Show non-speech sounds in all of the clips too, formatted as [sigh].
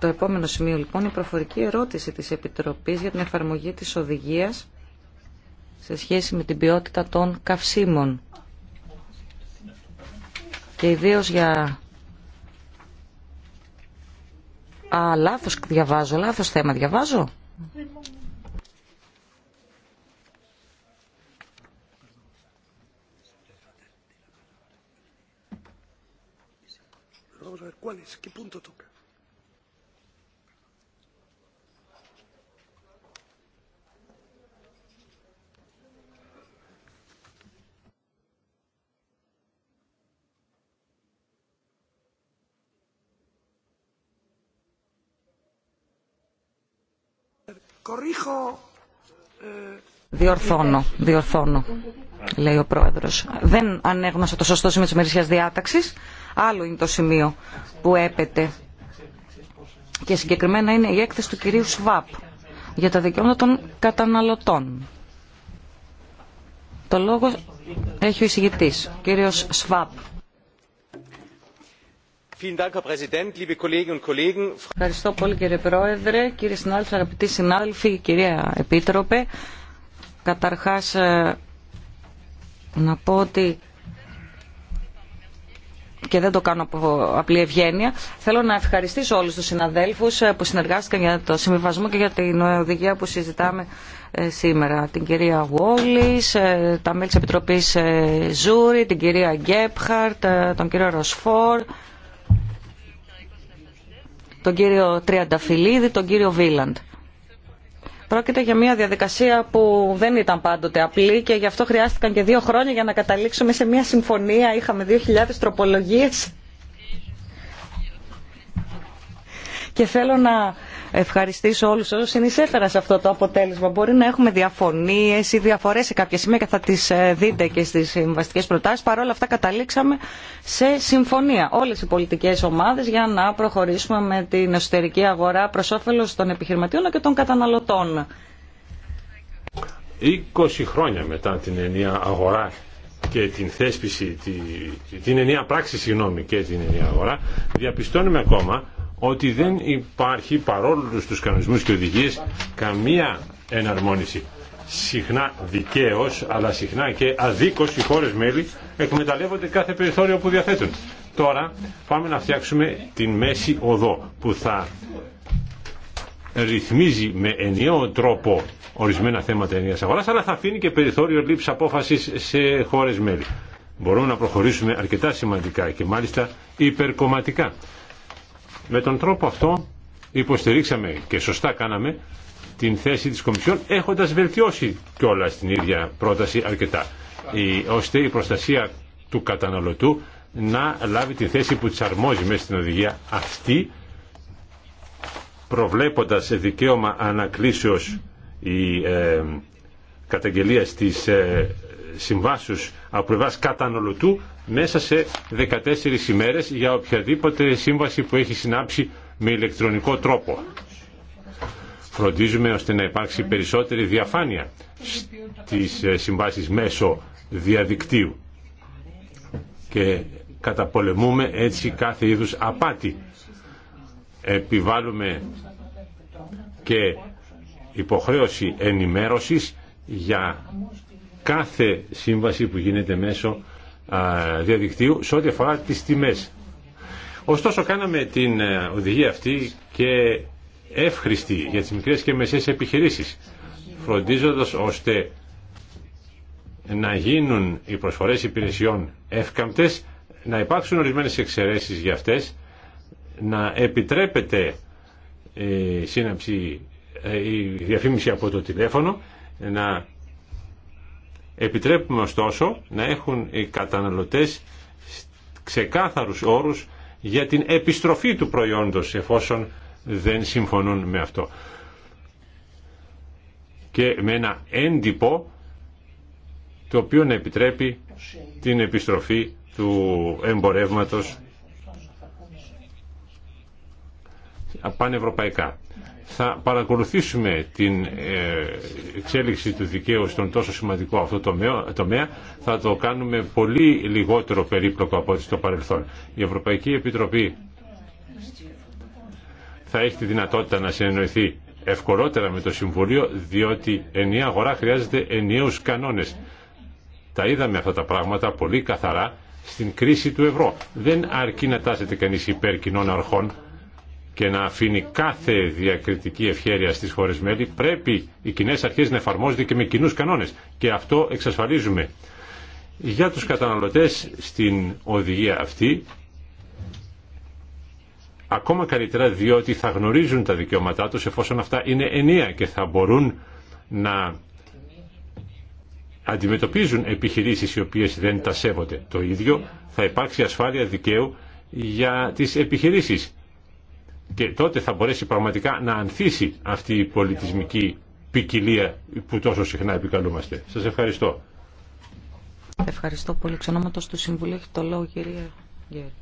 Το επόμενο σημείο λοιπόν είναι η προφορική ερώτηση της Επιτροπής για την εφαρμογή της οδηγίας σε σχέση με την ποιότητα των καυσίμων και ιδίως για... Α, λάθος διαβάζω, λάθος θέμα διαβάζω. a ver qué punto Ε, διορθώνω, διορθώνω, λέει ο πρόεδρος. Δεν ανέγνωσα το σωστό σημείο της μερισιάς διάταξης. Άλλο είναι το σημείο που έπεται. Και συγκεκριμένα είναι η έκθεση του κυρίου ΣΒΑΠ για τα δικαιώματα των καταναλωτών. Το λόγο έχει ο εισηγητής, κύριος ΣΒΑΠ. Ευχαριστώ πολύ κύριε Πρόεδρε, κύριε συνάδελφε, αγαπητοί συνάδελφοι, κυρία Επίτροπε. Καταρχάς ε, να πω ότι και δεν το κάνω από απλή ευγένεια. Θέλω να ευχαριστήσω όλους τους συναδέλφους ε, που συνεργάστηκαν για το συμβιβασμό και για την οδηγία που συζητάμε ε, σήμερα. Την κυρία Γουόλης, τα μέλη της Επιτροπής Ζουρί, την κυρία Γκέπχαρτ, τον κύριο Ροσφόρ, τον κύριο Τριανταφυλλίδη, τον κύριο Βίλαντ. Πρόκειται για μια διαδικασία που δεν ήταν πάντοτε απλή και γι' αυτό χρειάστηκαν και δύο χρόνια για να καταλήξουμε σε μια συμφωνία. Είχαμε 2.000 τροπολογίες και θέλω να ευχαριστήσω όλου όσου συνεισέφεραν σε αυτό το αποτέλεσμα. Μπορεί να έχουμε διαφωνίε ή διαφορέ σε κάποια σημεία και θα τι ε, δείτε και στι συμβαστικέ προτάσει. Παρ' όλα αυτά, καταλήξαμε σε συμφωνία όλε οι πολιτικέ ομάδε για να προχωρήσουμε με την εσωτερική αγορά προ όφελο των επιχειρηματιών και των καταναλωτών. 20 χρόνια μετά την ενία αγορά και την θέσπιση, την ενία πράξη συγγνώμη και την ενία αγορά, διαπιστώνουμε ακόμα ότι δεν υπάρχει παρόλο τους κανονισμούς και οδηγίες καμία εναρμόνιση. Συχνά δικαίω, αλλά συχνά και αδίκως οι χώρες μέλη εκμεταλλεύονται κάθε περιθώριο που διαθέτουν. Τώρα πάμε να φτιάξουμε την μέση οδό που θα ρυθμίζει με ενιαίο τρόπο ορισμένα θέματα ενιαίας αγοράς αλλά θα αφήνει και περιθώριο λήψη απόφασης σε χώρες μέλη. Μπορούμε να προχωρήσουμε αρκετά σημαντικά και μάλιστα υπερκομματικά. Με τον τρόπο αυτό υποστηρίξαμε και σωστά κάναμε την θέση της Κομισιόν έχοντας βελτιώσει κιόλα την ίδια πρόταση αρκετά η, ώστε η προστασία του καταναλωτού να λάβει τη θέση που της αρμόζει μέσα στην οδηγία αυτή προβλέποντας δικαίωμα ανακλήσεως η ε, καταγγελία της ε, συμβάσεις από πλευρά καταναλωτού μέσα σε 14 ημέρες για οποιαδήποτε σύμβαση που έχει συνάψει με ηλεκτρονικό τρόπο. Φροντίζουμε ώστε να υπάρξει περισσότερη διαφάνεια στις ε, συμβάσεις μέσω διαδικτύου και καταπολεμούμε έτσι κάθε είδους απάτη. Επιβάλλουμε και υποχρέωση ενημέρωσης για κάθε σύμβαση που γίνεται μέσω διαδικτύου σε ό,τι αφορά τις τιμές. Ωστόσο κάναμε την ε, οδηγία αυτή και εύχριστη για τις μικρές και μεσαίες επιχειρήσεις φροντίζοντας ώστε να γίνουν οι προσφορές υπηρεσιών εύκαμπτες, να υπάρξουν ορισμένες εξαιρέσεις για αυτές, να επιτρέπεται η, ε, σύναψη, ε, η διαφήμιση από το τηλέφωνο, να Επιτρέπουμε ωστόσο να έχουν οι καταναλωτές ξεκάθαρους όρους για την επιστροφή του προϊόντος εφόσον δεν συμφωνούν με αυτό. Και με ένα έντυπο το οποίο να επιτρέπει την επιστροφή του εμπορεύματος πανευρωπαϊκά θα παρακολουθήσουμε την ε, εξέλιξη του δικαίου στον τόσο σημαντικό αυτό τομέα. Θα το κάνουμε πολύ λιγότερο περίπλοκο από ό,τι στο παρελθόν. Η Ευρωπαϊκή Επιτροπή θα έχει τη δυνατότητα να συνεννοηθεί ευκολότερα με το Συμβουλίο, διότι ενιαία αγορά χρειάζεται ενιαίους κανόνες. Τα είδαμε αυτά τα πράγματα πολύ καθαρά στην κρίση του ευρώ. Δεν αρκεί να τάσεται κανείς υπέρ κοινών αρχών, και να αφήνει κάθε διακριτική ευχέρεια στις χώρες μέλη, πρέπει οι κοινέ αρχές να εφαρμόζονται και με κοινού κανόνες. Και αυτό εξασφαλίζουμε. Για τους καταναλωτές στην οδηγία αυτή, ακόμα καλύτερα διότι θα γνωρίζουν τα δικαιώματά τους εφόσον αυτά είναι ενία και θα μπορούν να αντιμετωπίζουν επιχειρήσεις οι οποίες δεν τα σέβονται. Το ίδιο θα υπάρξει ασφάλεια δικαίου για τις επιχειρήσεις και τότε θα μπορέσει πραγματικά να ανθίσει αυτή η πολιτισμική ποικιλία που τόσο συχνά επικαλούμαστε. Σας ευχαριστώ. Ευχαριστώ πολύ. Ξενόματος του Συμβουλίου έχει το λόγο κυρία Γκέρι.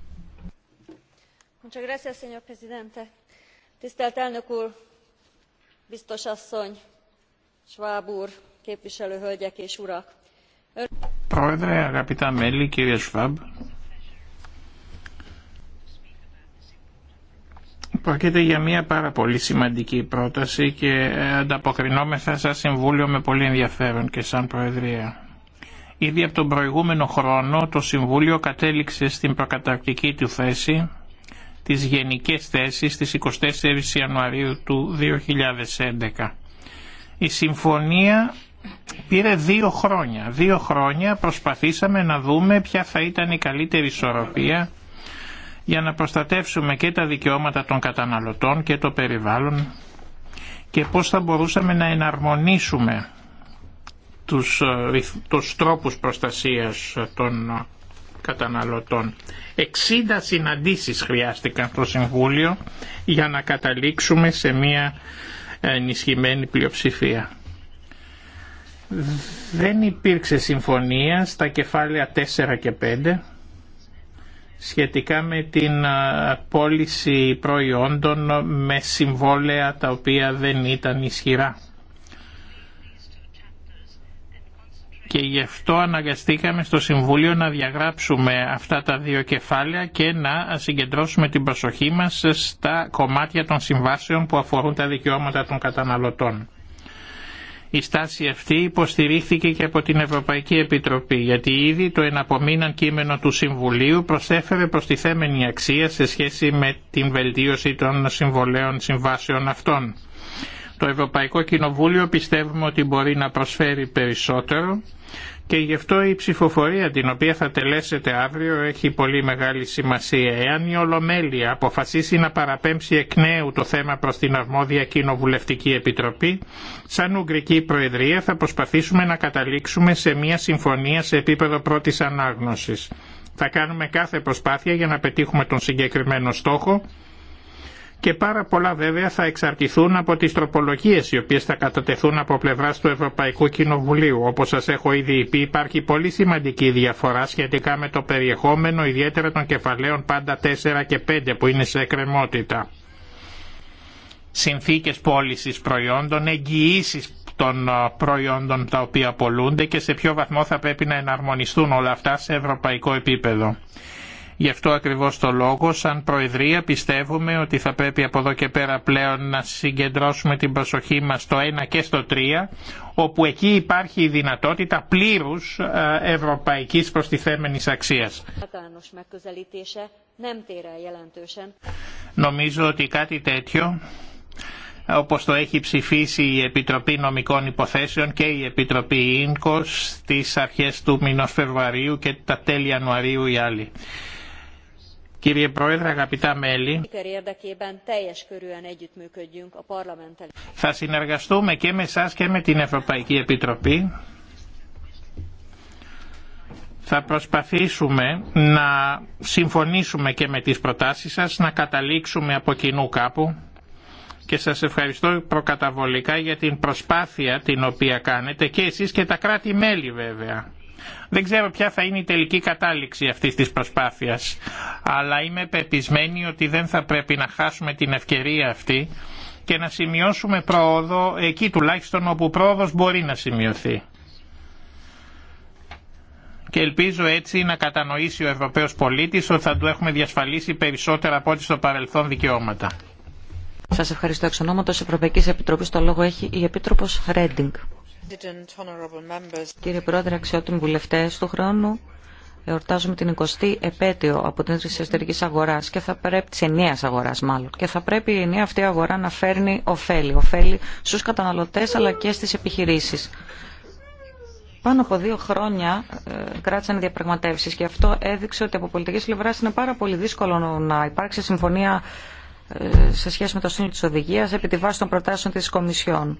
Πρόεδρε, αγαπητά μέλη, κύριε Σφάμπ, Πρόκειται για μια πάρα πολύ σημαντική πρόταση και ανταποκρινόμεθα σαν Συμβούλιο με πολύ ενδιαφέρον και σαν Προεδρία. Ήδη από τον προηγούμενο χρόνο το Συμβούλιο κατέληξε στην προκαταρκτική του θέση τις γενικές θέσεις στις 24 Ιανουαρίου του 2011. Η συμφωνία πήρε δύο χρόνια. Δύο χρόνια προσπαθήσαμε να δούμε ποια θα ήταν η καλύτερη ισορροπία για να προστατεύσουμε και τα δικαιώματα των καταναλωτών και το περιβάλλον και πώς θα μπορούσαμε να εναρμονίσουμε τους, ε, τους τρόπους προστασίας των καταναλωτών. 60 συναντήσεις χρειάστηκαν στο Συμβούλιο για να καταλήξουμε σε μια ενισχυμένη πλειοψηφία. Δεν υπήρξε συμφωνία στα κεφάλαια 4 και 5 σχετικά με την πώληση προϊόντων με συμβόλαια τα οποία δεν ήταν ισχυρά. Και γι' αυτό αναγκαστήκαμε στο Συμβούλιο να διαγράψουμε αυτά τα δύο κεφάλαια και να συγκεντρώσουμε την προσοχή μας στα κομμάτια των συμβάσεων που αφορούν τα δικαιώματα των καταναλωτών. Η στάση αυτή υποστηρίχθηκε και από την Ευρωπαϊκή Επιτροπή γιατί ήδη το εναπομείναν κείμενο του Συμβουλίου προσέφερε προστιθέμενη αξία σε σχέση με την βελτίωση των συμβολέων συμβάσεων αυτών. Το Ευρωπαϊκό Κοινοβούλιο πιστεύουμε ότι μπορεί να προσφέρει περισσότερο και γι' αυτό η ψηφοφορία την οποία θα τελέσετε αύριο έχει πολύ μεγάλη σημασία. Εάν η Ολομέλεια αποφασίσει να παραπέμψει εκ νέου το θέμα προς την αρμόδια Κοινοβουλευτική Επιτροπή, σαν Ουγγρική Προεδρία θα προσπαθήσουμε να καταλήξουμε σε μια συμφωνία σε επίπεδο πρώτης ανάγνωσης. Θα κάνουμε κάθε προσπάθεια για να πετύχουμε τον συγκεκριμένο στόχο και πάρα πολλά βέβαια θα εξαρτηθούν από τις τροπολογίες οι οποίες θα κατατεθούν από πλευράς του Ευρωπαϊκού Κοινοβουλίου. Όπως σας έχω ήδη πει υπάρχει πολύ σημαντική διαφορά σχετικά με το περιεχόμενο ιδιαίτερα των κεφαλαίων πάντα 4 και 5 που είναι σε εκκρεμότητα. Συνθήκες πώλησης προϊόντων, εγγυήσει των προϊόντων τα οποία πολλούνται και σε ποιο βαθμό θα πρέπει να εναρμονιστούν όλα αυτά σε ευρωπαϊκό επίπεδο. Γι' αυτό ακριβώς το λόγο, σαν Προεδρία πιστεύουμε ότι θα πρέπει από εδώ και πέρα πλέον να συγκεντρώσουμε την προσοχή μας στο 1 και στο 3, όπου εκεί υπάρχει η δυνατότητα πλήρους ε, ευρωπαϊκής προστιθέμενης αξίας. Νομίζω ότι κάτι τέτοιο όπως το έχει ψηφίσει η Επιτροπή Νομικών Υποθέσεων και η Επιτροπή Ίνκος στις αρχές του μηνός Φεβρουαρίου και τα τέλη Ιανουαρίου οι άλλοι. Κύριε Πρόεδρε, αγαπητά μέλη, θα συνεργαστούμε και με εσά και με την Ευρωπαϊκή Επιτροπή. Θα προσπαθήσουμε να συμφωνήσουμε και με τις προτάσεις σας, να καταλήξουμε από κοινού κάπου και σας ευχαριστώ προκαταβολικά για την προσπάθεια την οποία κάνετε και εσείς και τα κράτη-μέλη βέβαια δεν ξέρω ποια θα είναι η τελική κατάληξη αυτής της προσπάθειας, αλλά είμαι πεπισμένη ότι δεν θα πρέπει να χάσουμε την ευκαιρία αυτή και να σημειώσουμε πρόοδο εκεί τουλάχιστον όπου πρόοδος μπορεί να σημειωθεί. Και ελπίζω έτσι να κατανοήσει ο Ευρωπαίος πολίτης ότι θα του έχουμε διασφαλίσει περισσότερα από ό,τι στο παρελθόν δικαιώματα. Σας ευχαριστώ εξ ονόματος Ευρωπαϊκής Επιτροπής. Το λόγο έχει η Επίτροπος Ρέντινγκ. Κύριε Πρόεδρε, αξιότιμοι βουλευτέ, του χρόνου εορτάζουμε την 20η επέτειο από την ίδρυση εσωτερική αγορά και θα πρέπει τη ενιαία αγορά, μάλλον. Και θα πρέπει η ενιαία αυτή αγορά να φέρνει ωφέλη. Ωφέλη στου καταναλωτέ αλλά και στι επιχειρήσει. Πάνω από δύο χρόνια ε, κράτησαν οι διαπραγματεύσει και αυτό έδειξε ότι από πολιτική πλευρά είναι πάρα πολύ δύσκολο να υπάρξει συμφωνία ε, σε σχέση με το σύνολο τη οδηγία επί τη βάση των προτάσεων τη Κομισιόν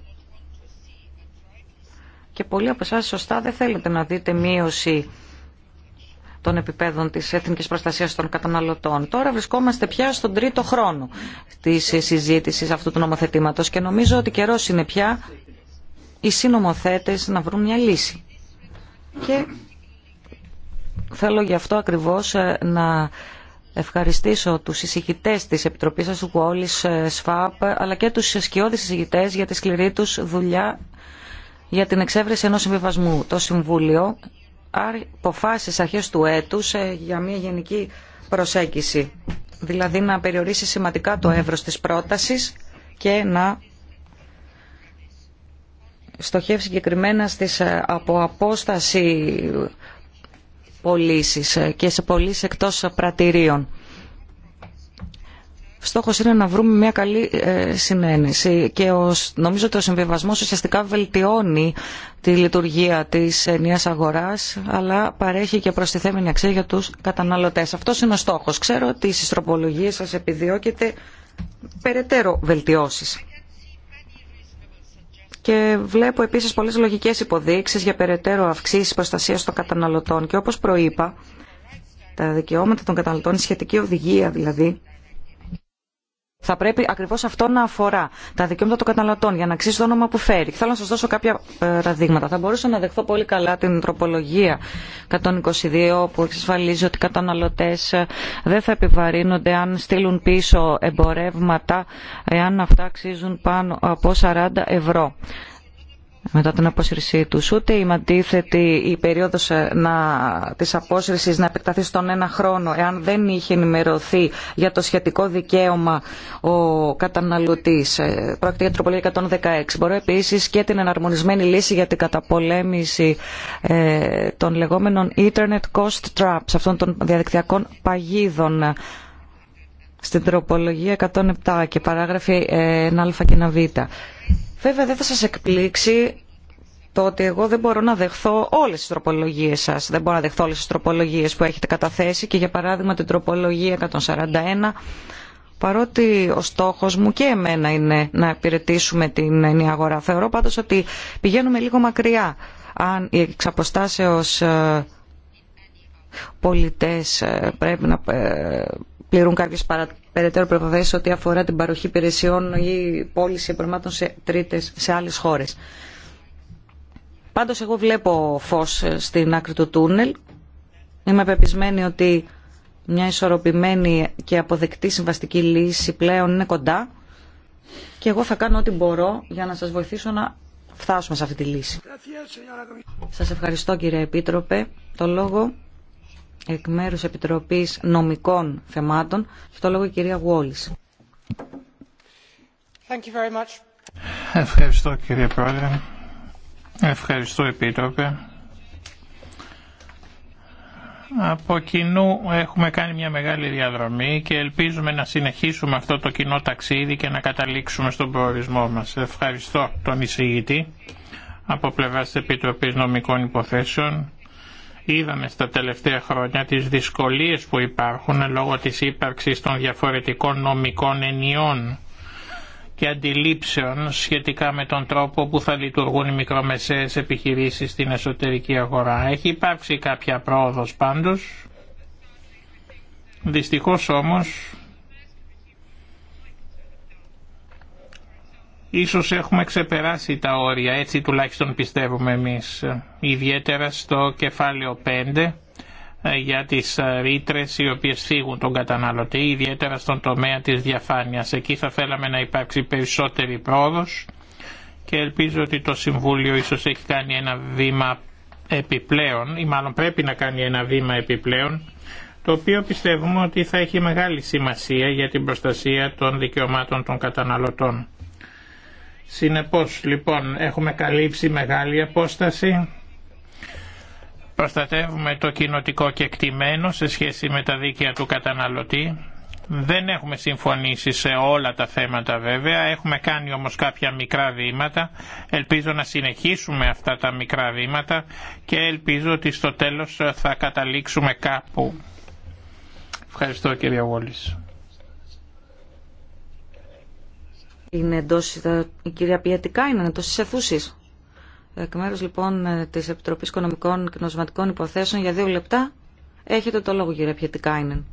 και πολλοί από εσά σωστά δεν θέλετε να δείτε μείωση των επιπέδων της εθνικής προστασίας των καταναλωτών. Τώρα βρισκόμαστε πια στον τρίτο χρόνο της συζήτησης αυτού του νομοθετήματος και νομίζω ότι καιρό είναι πια οι συνομοθέτες να βρουν μια λύση. Και θέλω γι' αυτό ακριβώς ε, να ευχαριστήσω τους τη της Επιτροπής σας, ΣΦΑΠ, ε, αλλά και τους σκιώδεις συζητητέ για τη σκληρή τους δουλειά για την εξέβρεση ενός συμβιβασμού. Το Συμβούλιο αποφάσισε αρχές του έτους ε, για μια γενική προσέγγιση, δηλαδή να περιορίσει σημαντικά το εύρος της πρότασης και να στοχεύσει συγκεκριμένα στις ε, από απόσταση πωλήσει ε, και σε πωλήσει εκτός πρατηρίων στόχος είναι να βρούμε μια καλή ε, συνένεση και ο, νομίζω ότι ο συμβιβασμός ουσιαστικά βελτιώνει τη λειτουργία της ενιαίας αγοράς αλλά παρέχει και προστιθέμενη αξία για τους καταναλωτές. Αυτός είναι ο στόχος. Ξέρω ότι η συστροπολογία σας επιδιώκεται περαιτέρω βελτιώσεις. Και βλέπω επίσης πολλές λογικές υποδείξεις για περαιτέρω αυξήσεις προστασίας των καταναλωτών. Και όπως προείπα, τα δικαιώματα των καταναλωτών, η σχετική οδηγία δηλαδή, θα πρέπει ακριβώ αυτό να αφορά τα δικαιώματα των καταναλωτών για να αξίζει το όνομα που φέρει. Θέλω να σα δώσω κάποια ε, παραδείγματα. Θα μπορούσα να δεχθώ πολύ καλά την τροπολογία 122 που εξασφαλίζει ότι οι καταναλωτέ ε, δεν θα επιβαρύνονται αν στείλουν πίσω εμπορεύματα εάν αυτά αξίζουν πάνω από 40 ευρώ μετά την απόσυρσή του, Ούτε είμαι αντίθετη η περίοδο τη ε, της να επεκταθεί στον ένα χρόνο εάν δεν είχε ενημερωθεί για το σχετικό δικαίωμα ο καταναλωτή. Ε, πρόκειται για τροπολογία 116. Μπορώ επίση και την εναρμονισμένη λύση για την καταπολέμηση ε, των λεγόμενων Internet Cost Traps, αυτών των διαδικτυακών παγίδων στην τροπολογία 107 και παράγραφη 1α ε, και 1β Βέβαια δεν θα σας εκπλήξει το ότι εγώ δεν μπορώ να δεχθώ όλες τις τροπολογίες σας. Δεν μπορώ να δεχθώ όλες τις τροπολογίες που έχετε καταθέσει και για παράδειγμα την τροπολογία 141 παρότι ο στόχος μου και εμένα είναι να υπηρετήσουμε την ενιαία αγορά. Θεωρώ πάντως ότι πηγαίνουμε λίγο μακριά αν οι εξαποστάσεως ε, πολιτές ε, πρέπει να ε, πληρούν κάποιες περαιτέρω προποθέσεις ό,τι αφορά την παροχή υπηρεσιών ή πώληση προγραμμάτων σε τρίτες, σε άλλες χώρες. Πάντως εγώ βλέπω φως ε, στην άκρη του τούνελ. Είμαι πεπισμένη ότι μια ισορροπημένη και αποδεκτή συμβαστική λύση πλέον είναι κοντά και εγώ θα κάνω ό,τι μπορώ για να σας βοηθήσω να φτάσουμε σε αυτή τη λύση. Σας ευχαριστώ κύριε Επίτροπε. Το λόγο εκ μέρους Επιτροπής Νομικών Θεμάτων. Αυτό λόγο η κυρία Γουόλης. Ευχαριστώ κύριε Πρόεδρε. Ευχαριστώ Επίτροπε. Από κοινού έχουμε κάνει μια μεγάλη διαδρομή και ελπίζουμε να συνεχίσουμε αυτό το κοινό ταξίδι και να καταλήξουμε στον προορισμό μας. Ευχαριστώ τον εισηγητή από πλευράς της Επιτροπής Νομικών Υποθέσεων Είδαμε στα τελευταία χρόνια τις δυσκολίες που υπάρχουν λόγω της ύπαρξης των διαφορετικών νομικών ενιών και αντιλήψεων σχετικά με τον τρόπο που θα λειτουργούν οι μικρομεσαίες επιχειρήσεις στην εσωτερική αγορά. Έχει υπάρξει κάποια πρόοδος πάντως. Δυστυχώς όμως Ίσως έχουμε ξεπεράσει τα όρια, έτσι τουλάχιστον πιστεύουμε εμείς, ιδιαίτερα στο κεφάλαιο 5 ε, για τις ε, ρήτρε οι οποίες φύγουν τον καταναλωτή, ιδιαίτερα στον τομέα της διαφάνειας. Εκεί θα θέλαμε να υπάρξει περισσότερη πρόοδος και ελπίζω ότι το Συμβούλιο ίσως έχει κάνει ένα βήμα επιπλέον ή μάλλον πρέπει να κάνει ένα βήμα επιπλέον το οποίο πιστεύουμε ότι θα έχει μεγάλη σημασία για την προστασία των δικαιωμάτων των καταναλωτών. Συνεπώς λοιπόν έχουμε καλύψει μεγάλη απόσταση. Προστατεύουμε το κοινοτικό κεκτημένο σε σχέση με τα δίκαια του καταναλωτή. Δεν έχουμε συμφωνήσει σε όλα τα θέματα βέβαια, έχουμε κάνει όμως κάποια μικρά βήματα. Ελπίζω να συνεχίσουμε αυτά τα μικρά βήματα και ελπίζω ότι στο τέλος θα καταλήξουμε κάπου. Ευχαριστώ κύριε Βόλης. Είναι εντός, ε, η κυρία Πιατικά είναι εντός της αιθούσης. Εκ μέρους λοιπόν ε, της Επιτροπής Οικονομικών και νοσματικών Υποθέσεων για δύο λεπτά έχετε το λόγο κυρία είναι.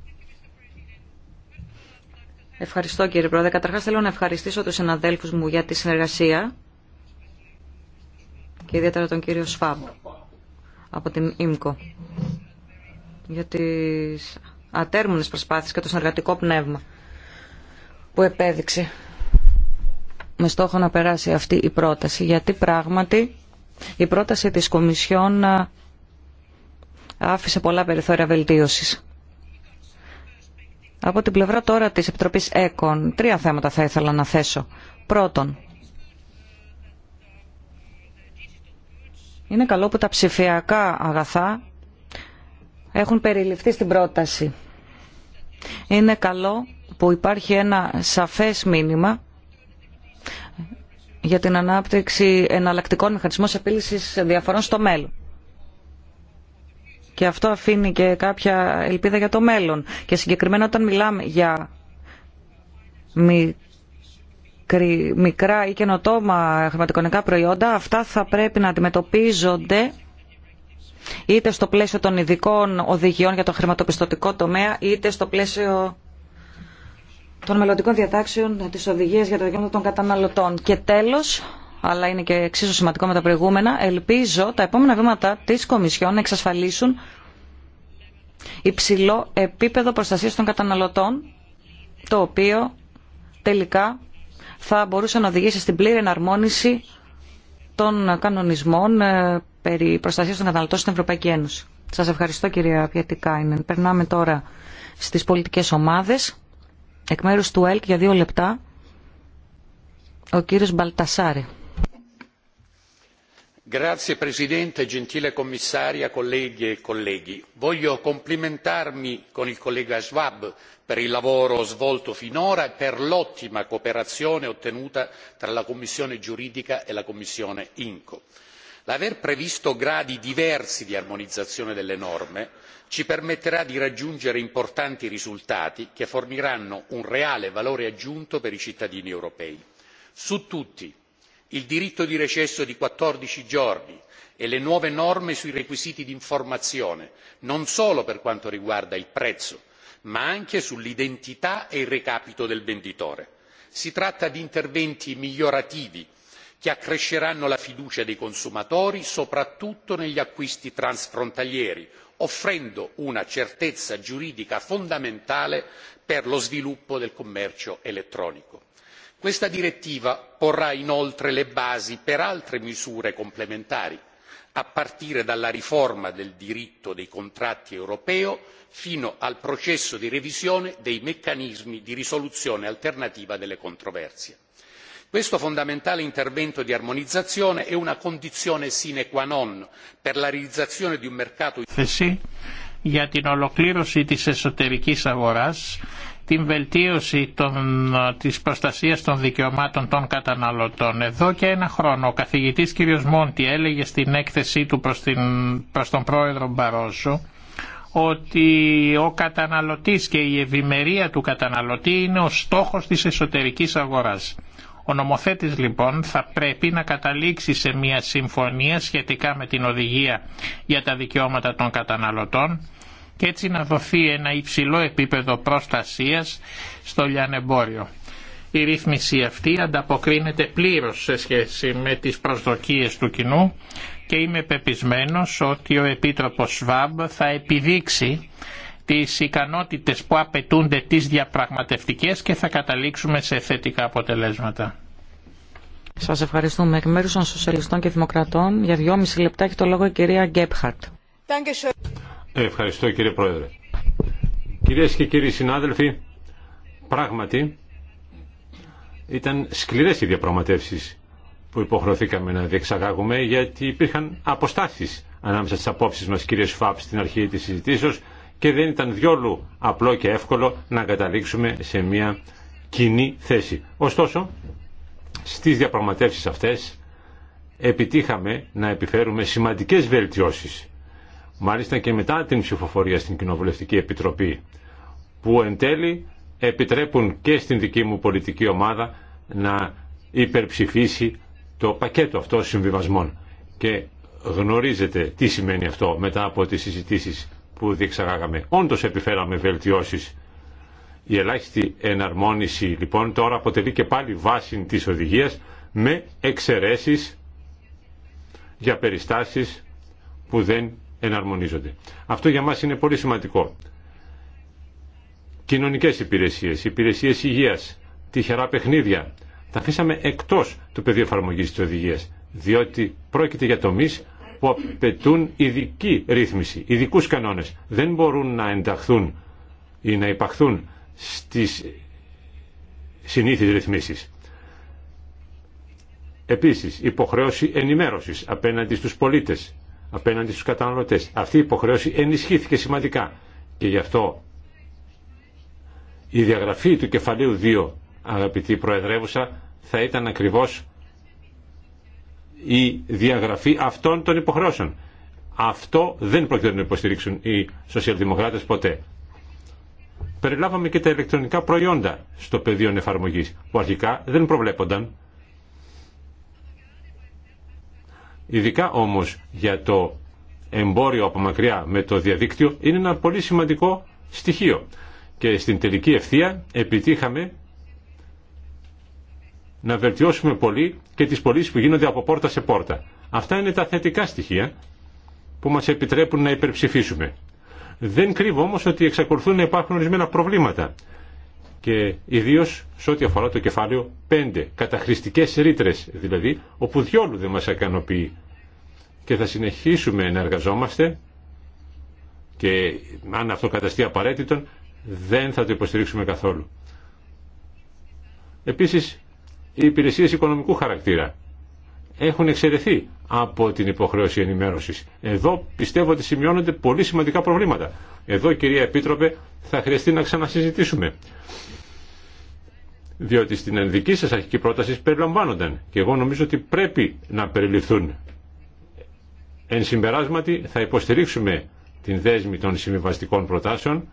Ευχαριστώ κύριε Πρόεδρε. Καταρχάς θέλω να ευχαριστήσω τους συναδέλφους μου για τη συνεργασία και ιδιαίτερα τον κύριο Σφαμ από την ΙΜΚΟ για τις ατέρμονες προσπάθειες και το συνεργατικό πνεύμα που επέδειξε με στόχο να περάσει αυτή η πρόταση, γιατί πράγματι η πρόταση της Κομισιόν ε, άφησε πολλά περιθώρια βελτίωσης. Από την πλευρά τώρα της Επιτροπής ΕΚΟΝ, τρία θέματα θα ήθελα να θέσω. Πρώτον, είναι καλό που τα ψηφιακά αγαθά έχουν περιληφθεί στην πρόταση. Είναι καλό που υπάρχει ένα σαφές μήνυμα για την ανάπτυξη εναλλακτικών μηχανισμών επίλυση διαφορών στο μέλλον. Και αυτό αφήνει και κάποια ελπίδα για το μέλλον. Και συγκεκριμένα όταν μιλάμε για μικρά ή καινοτόμα χρηματικονικά προϊόντα, αυτά θα πρέπει να αντιμετωπίζονται είτε στο πλαίσιο των ειδικών οδηγιών για το χρηματοπιστωτικό τομέα, είτε στο πλαίσιο των μελλοντικών διατάξεων τη οδηγία για τα δικαιώματα των καταναλωτών. Και τέλο, αλλά είναι και εξίσου σημαντικό με τα προηγούμενα, ελπίζω τα επόμενα βήματα τη Κομισιόν να εξασφαλίσουν υψηλό επίπεδο προστασία των καταναλωτών, το οποίο τελικά θα μπορούσε να οδηγήσει στην πλήρη εναρμόνιση των κανονισμών ε, περί προστασίας των καταναλωτών στην Ευρωπαϊκή Ένωση. Σας ευχαριστώ κυρία Πιατικάινεν. Περνάμε τώρα στις πολιτικές ομάδες. Εκ μέρους του ΕΛΚ για δύο λεπτά, ο κύριος Μπαλτασάρη. Grazie Presidente, gentile Commissaria, colleghi e colleghi. Voglio complimentarmi con il collega Schwab per il lavoro svolto finora e per l'ottima cooperazione ottenuta tra la Commissione giuridica e la Commissione INCO l'aver previsto gradi diversi di armonizzazione delle norme ci permetterà di raggiungere importanti risultati che forniranno un reale valore aggiunto per i cittadini europei. su tutti il diritto di recesso di quattordici giorni e le nuove norme sui requisiti di informazione non solo per quanto riguarda il prezzo ma anche sull'identità e il recapito del venditore. si tratta di interventi migliorativi che accresceranno la fiducia dei consumatori soprattutto negli acquisti transfrontalieri offrendo una certezza giuridica fondamentale per lo sviluppo del commercio elettronico. questa direttiva porrà inoltre le basi per altre misure complementari a partire dalla riforma del diritto dei contratti europeo fino al processo di revisione dei meccanismi di risoluzione alternativa delle controversie questo fondamentale intervento di armonizzazione è una condizione sine qua για την ολοκλήρωση της εσωτερικής αγοράς, την βελτίωση των, ε, της προστασίας των δικαιωμάτων των καταναλωτών. Εδώ και ένα χρόνο ο καθηγητής κ. Μόντι έλεγε στην έκθεσή του προς, προς τον πρόεδρο Μπαρόσο ότι ο καταναλωτής και η ευημερία του καταναλωτή είναι ο στόχος της εσωτερικής αγοράς. Ο νομοθέτης λοιπόν θα πρέπει να καταλήξει σε μια συμφωνία σχετικά με την οδηγία για τα δικαιώματα των καταναλωτών και έτσι να δοθεί ένα υψηλό επίπεδο προστασίας στο λιανεμπόριο. Η ρύθμιση αυτή ανταποκρίνεται πλήρως σε σχέση με τις προσδοκίες του κοινού και είμαι πεπισμένος ότι ο Επίτροπος ΣΒΑΜ θα επιδείξει τις ικανότητες που απαιτούνται τις διαπραγματευτικές και θα καταλήξουμε σε θετικά αποτελέσματα. Σας ευχαριστούμε. Εκ μέρους των Σοσιαλιστών και Δημοκρατών για δυόμιση λεπτά έχει το λόγο η κυρία Γκέπχαρτ. Ευχαριστώ κύριε Πρόεδρε. Κυρίες και κύριοι συνάδελφοι, πράγματι ήταν σκληρές οι διαπραγματεύσεις που υποχρεωθήκαμε να διεξαγάγουμε γιατί υπήρχαν αποστάσεις ανάμεσα στις απόψεις μας κύριε Σφάπ στην αρχή της συζητήσεως και δεν ήταν διόλου απλό και εύκολο να καταλήξουμε σε μια κοινή θέση. Ωστόσο, στις διαπραγματεύσεις αυτές επιτύχαμε να επιφέρουμε σημαντικές βελτιώσεις. Μάλιστα και μετά την ψηφοφορία στην Κοινοβουλευτική Επιτροπή, που εν τέλει επιτρέπουν και στην δική μου πολιτική ομάδα να υπερψηφίσει το πακέτο αυτό συμβιβασμών. Και γνωρίζετε τι σημαίνει αυτό μετά από τις συζητήσεις που διεξαγάγαμε. Όντως επιφέραμε βελτιώσεις. Η ελάχιστη εναρμόνιση λοιπόν τώρα αποτελεί και πάλι βάση της οδηγίας με εξαιρέσεις για περιστάσεις που δεν εναρμονίζονται. Αυτό για μας είναι πολύ σημαντικό. Κοινωνικές υπηρεσίες, υπηρεσίες υγείας, τυχερά παιχνίδια, τα αφήσαμε εκτός του πεδίου εφαρμογή της οδηγίας, διότι πρόκειται για τομείς που απαιτούν ειδική ρύθμιση, ειδικού κανόνες. Δεν μπορούν να ενταχθούν ή να υπαχθούν στις συνήθεις ρυθμίσεις. Επίσης, υποχρέωση ενημέρωσης απέναντι στους πολίτες, απέναντι στους καταναλωτές. Αυτή η να υπαχθουν στις συνηθει ρυθμισεις επισης υποχρεωση ενισχύθηκε σημαντικά και γι' αυτό η διαγραφή του κεφαλαίου 2, αγαπητή Προεδρεύουσα, θα ήταν ακριβώς η διαγραφή αυτών των υποχρεώσεων. Αυτό δεν πρόκειται να υποστηρίξουν οι σοσιαλδημοκράτες ποτέ. Περιλάβαμε και τα ηλεκτρονικά προϊόντα στο πεδίο εφαρμογή που αρχικά δεν προβλέπονταν. Ειδικά όμως για το εμπόριο από μακριά με το διαδίκτυο είναι ένα πολύ σημαντικό στοιχείο. Και στην τελική ευθεία επιτύχαμε να βελτιώσουμε πολύ και τις πωλήσει που γίνονται από πόρτα σε πόρτα. Αυτά είναι τα θετικά στοιχεία που μας επιτρέπουν να υπερψηφίσουμε. Δεν κρύβω όμως ότι εξακολουθούν να υπάρχουν ορισμένα προβλήματα και ιδίω σε ό,τι αφορά το κεφάλαιο 5, καταχρηστικές ρήτρε δηλαδή, όπου διόλου δεν μα ικανοποιεί και θα συνεχίσουμε να εργαζόμαστε και αν αυτό καταστεί απαραίτητο δεν θα το υποστηρίξουμε καθόλου. Επίσης οι υπηρεσίες οικονομικού χαρακτήρα έχουν εξαιρεθεί από την υποχρέωση ενημέρωσης. Εδώ πιστεύω ότι σημειώνονται πολύ σημαντικά προβλήματα. Εδώ κυρία Επίτροπε θα χρειαστεί να ξανασυζητήσουμε. Διότι στην δική σας αρχική πρόταση περιλαμβάνονταν και εγώ νομίζω ότι πρέπει να περιληφθούν. Εν συμπεράσματι θα υποστηρίξουμε την δέσμη των συμβιβαστικών προτάσεων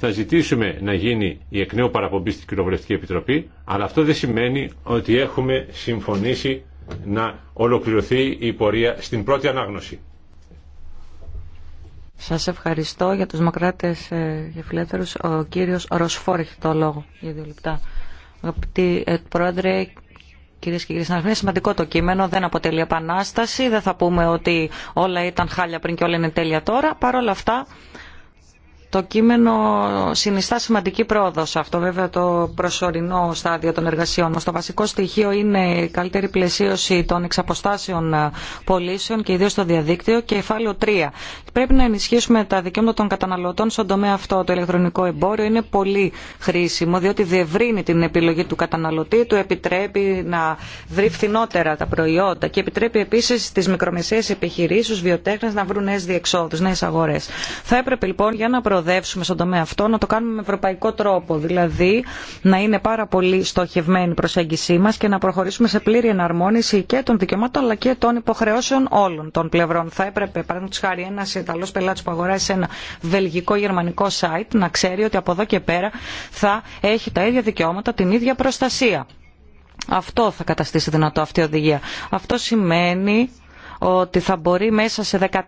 θα ζητήσουμε να γίνει η εκ νέου παραπομπή στην Κοινοβουλευτική Επιτροπή, αλλά αυτό δεν σημαίνει ότι έχουμε συμφωνήσει να ολοκληρωθεί η πορεία στην πρώτη ανάγνωση. Σας ευχαριστώ για τους Μακράτες ε, και φιλέτερους. Ο κύριος Ροσφόρ έχει το λόγο για δύο λεπτά. Αγαπητοί ε, Πρόεδρε, Κυρίε και κύριοι συνάδελφοι, είναι σημαντικό το κείμενο, δεν αποτελεί επανάσταση, δεν θα πούμε ότι όλα ήταν χάλια πριν και όλα είναι τέλεια τώρα. Παρ' όλα αυτά, το κείμενο συνιστά σημαντική πρόοδο σε αυτό βέβαια το προσωρινό στάδιο των εργασιών μας. Το βασικό στοιχείο είναι η καλύτερη πλαισίωση των εξαποστάσεων ε, πωλήσεων και ιδίως στο διαδίκτυο. και Κεφάλαιο 3 Πρέπει να ενισχύσουμε τα δικαιώματα των καταναλωτών στον τομέα αυτό. Το ηλεκτρονικό εμπόριο είναι πολύ χρήσιμο, διότι διευρύνει την επιλογή του καταναλωτή, του επιτρέπει να βρει φθηνότερα τα προϊόντα και επιτρέπει επίση στι μικρομεσαίε επιχειρήσει, στου βιοτέχνε να βρουν νέε διεξόδου, νέε αγορέ. Θα έπρεπε λοιπόν για να προοδεύσουμε στον τομέα αυτό να το κάνουμε με ευρωπαϊκό τρόπο, δηλαδή να είναι πάρα πολύ στοχευμένη η προσέγγιση μα και να προχωρήσουμε σε πλήρη εναρμόνιση και των δικαιωμάτων αλλά και των υποχρεώσεων όλων των πλευρών. Θα έπρεπε, παραδείγματο χάρη, ένα Ιταλό πελάτη που αγοράζει σε ένα βελγικό-γερμανικό site να ξέρει ότι από εδώ και πέρα θα έχει τα ίδια δικαιώματα, την ίδια προστασία. Αυτό θα καταστήσει δυνατό αυτή η οδηγία. Αυτό σημαίνει ότι θα μπορεί μέσα σε 14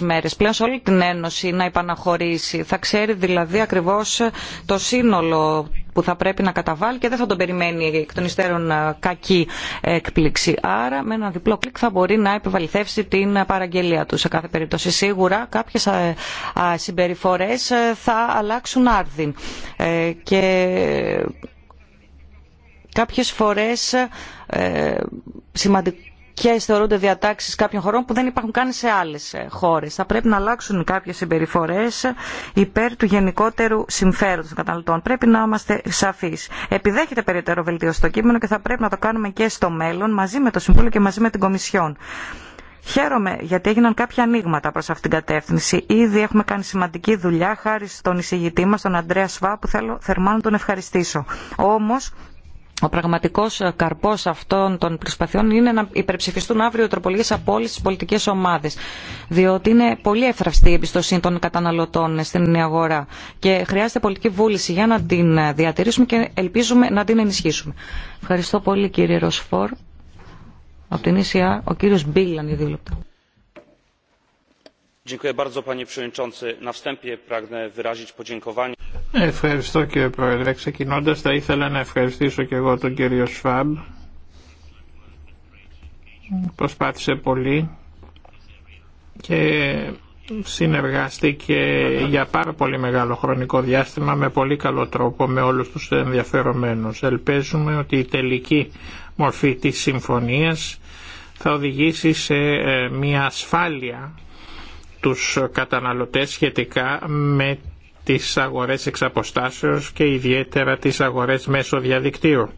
μέρες πλέον σε όλη την Ένωση να υπαναχωρήσει. Θα ξέρει δηλαδή ακριβώς το σύνολο που θα πρέπει να καταβάλει και δεν θα τον περιμένει εκ των υστέρων ε, κακή έκπληξη. Άρα με ένα διπλό κλικ θα μπορεί να επιβαληθεύσει την παραγγελία του σε κάθε περίπτωση. Σίγουρα κάποιες ε, συμπεριφορές ε, θα αλλάξουν άρδιν και κάποιες φορές σημαντικό ποιε θεωρούνται διατάξει κάποιων χωρών που δεν υπάρχουν καν σε άλλε χώρε. Θα πρέπει να αλλάξουν κάποιε συμπεριφορέ υπέρ του γενικότερου συμφέροντο των καταναλωτών. Πρέπει να είμαστε σαφεί. Επιδέχεται περαιτέρω βελτίωση στο κείμενο και θα πρέπει να το κάνουμε και στο μέλλον μαζί με το Συμβούλιο και μαζί με την Κομισιόν. Χαίρομαι γιατί έγιναν κάποια ανοίγματα προς αυτήν την κατεύθυνση. Ήδη έχουμε κάνει σημαντική δουλειά χάρη στον εισηγητή μας, τον Αντρέα Σβά, που θέλω θερμά να τον ευχαριστήσω. Όμως ο πραγματικό ε, καρπό αυτών των προσπαθειών είναι να υπερψηφιστούν αύριο τροπολογίε από όλε τι πολιτικέ ομάδε. Διότι είναι πολύ εύθραυστη η εμπιστοσύνη των καταναλωτών στην νέα αγορά και χρειάζεται πολιτική βούληση για να την ε, διατηρήσουμε και ελπίζουμε να την ενισχύσουμε. Ευχαριστώ πολύ κύριε Ροσφόρ. Από την ίσια ο κύριος Μπίλαν δύο λεπτά. Ευχαριστώ κύριε Πρόεδρε. Ξεκινώντα θα ήθελα να ευχαριστήσω και εγώ τον κύριο Σφαμπ. Προσπάθησε πολύ και συνεργάστηκε για πάρα πολύ μεγάλο χρονικό διάστημα με πολύ καλό τρόπο με όλους τους ενδιαφερομένους. Ελπίζουμε ότι η τελική μορφή της συμφωνίας θα οδηγήσει σε ε, μια ασφάλεια τους καταναλωτές σχετικά με τις αγορές εξ και ιδιαίτερα τις αγορές μέσω διαδικτύου.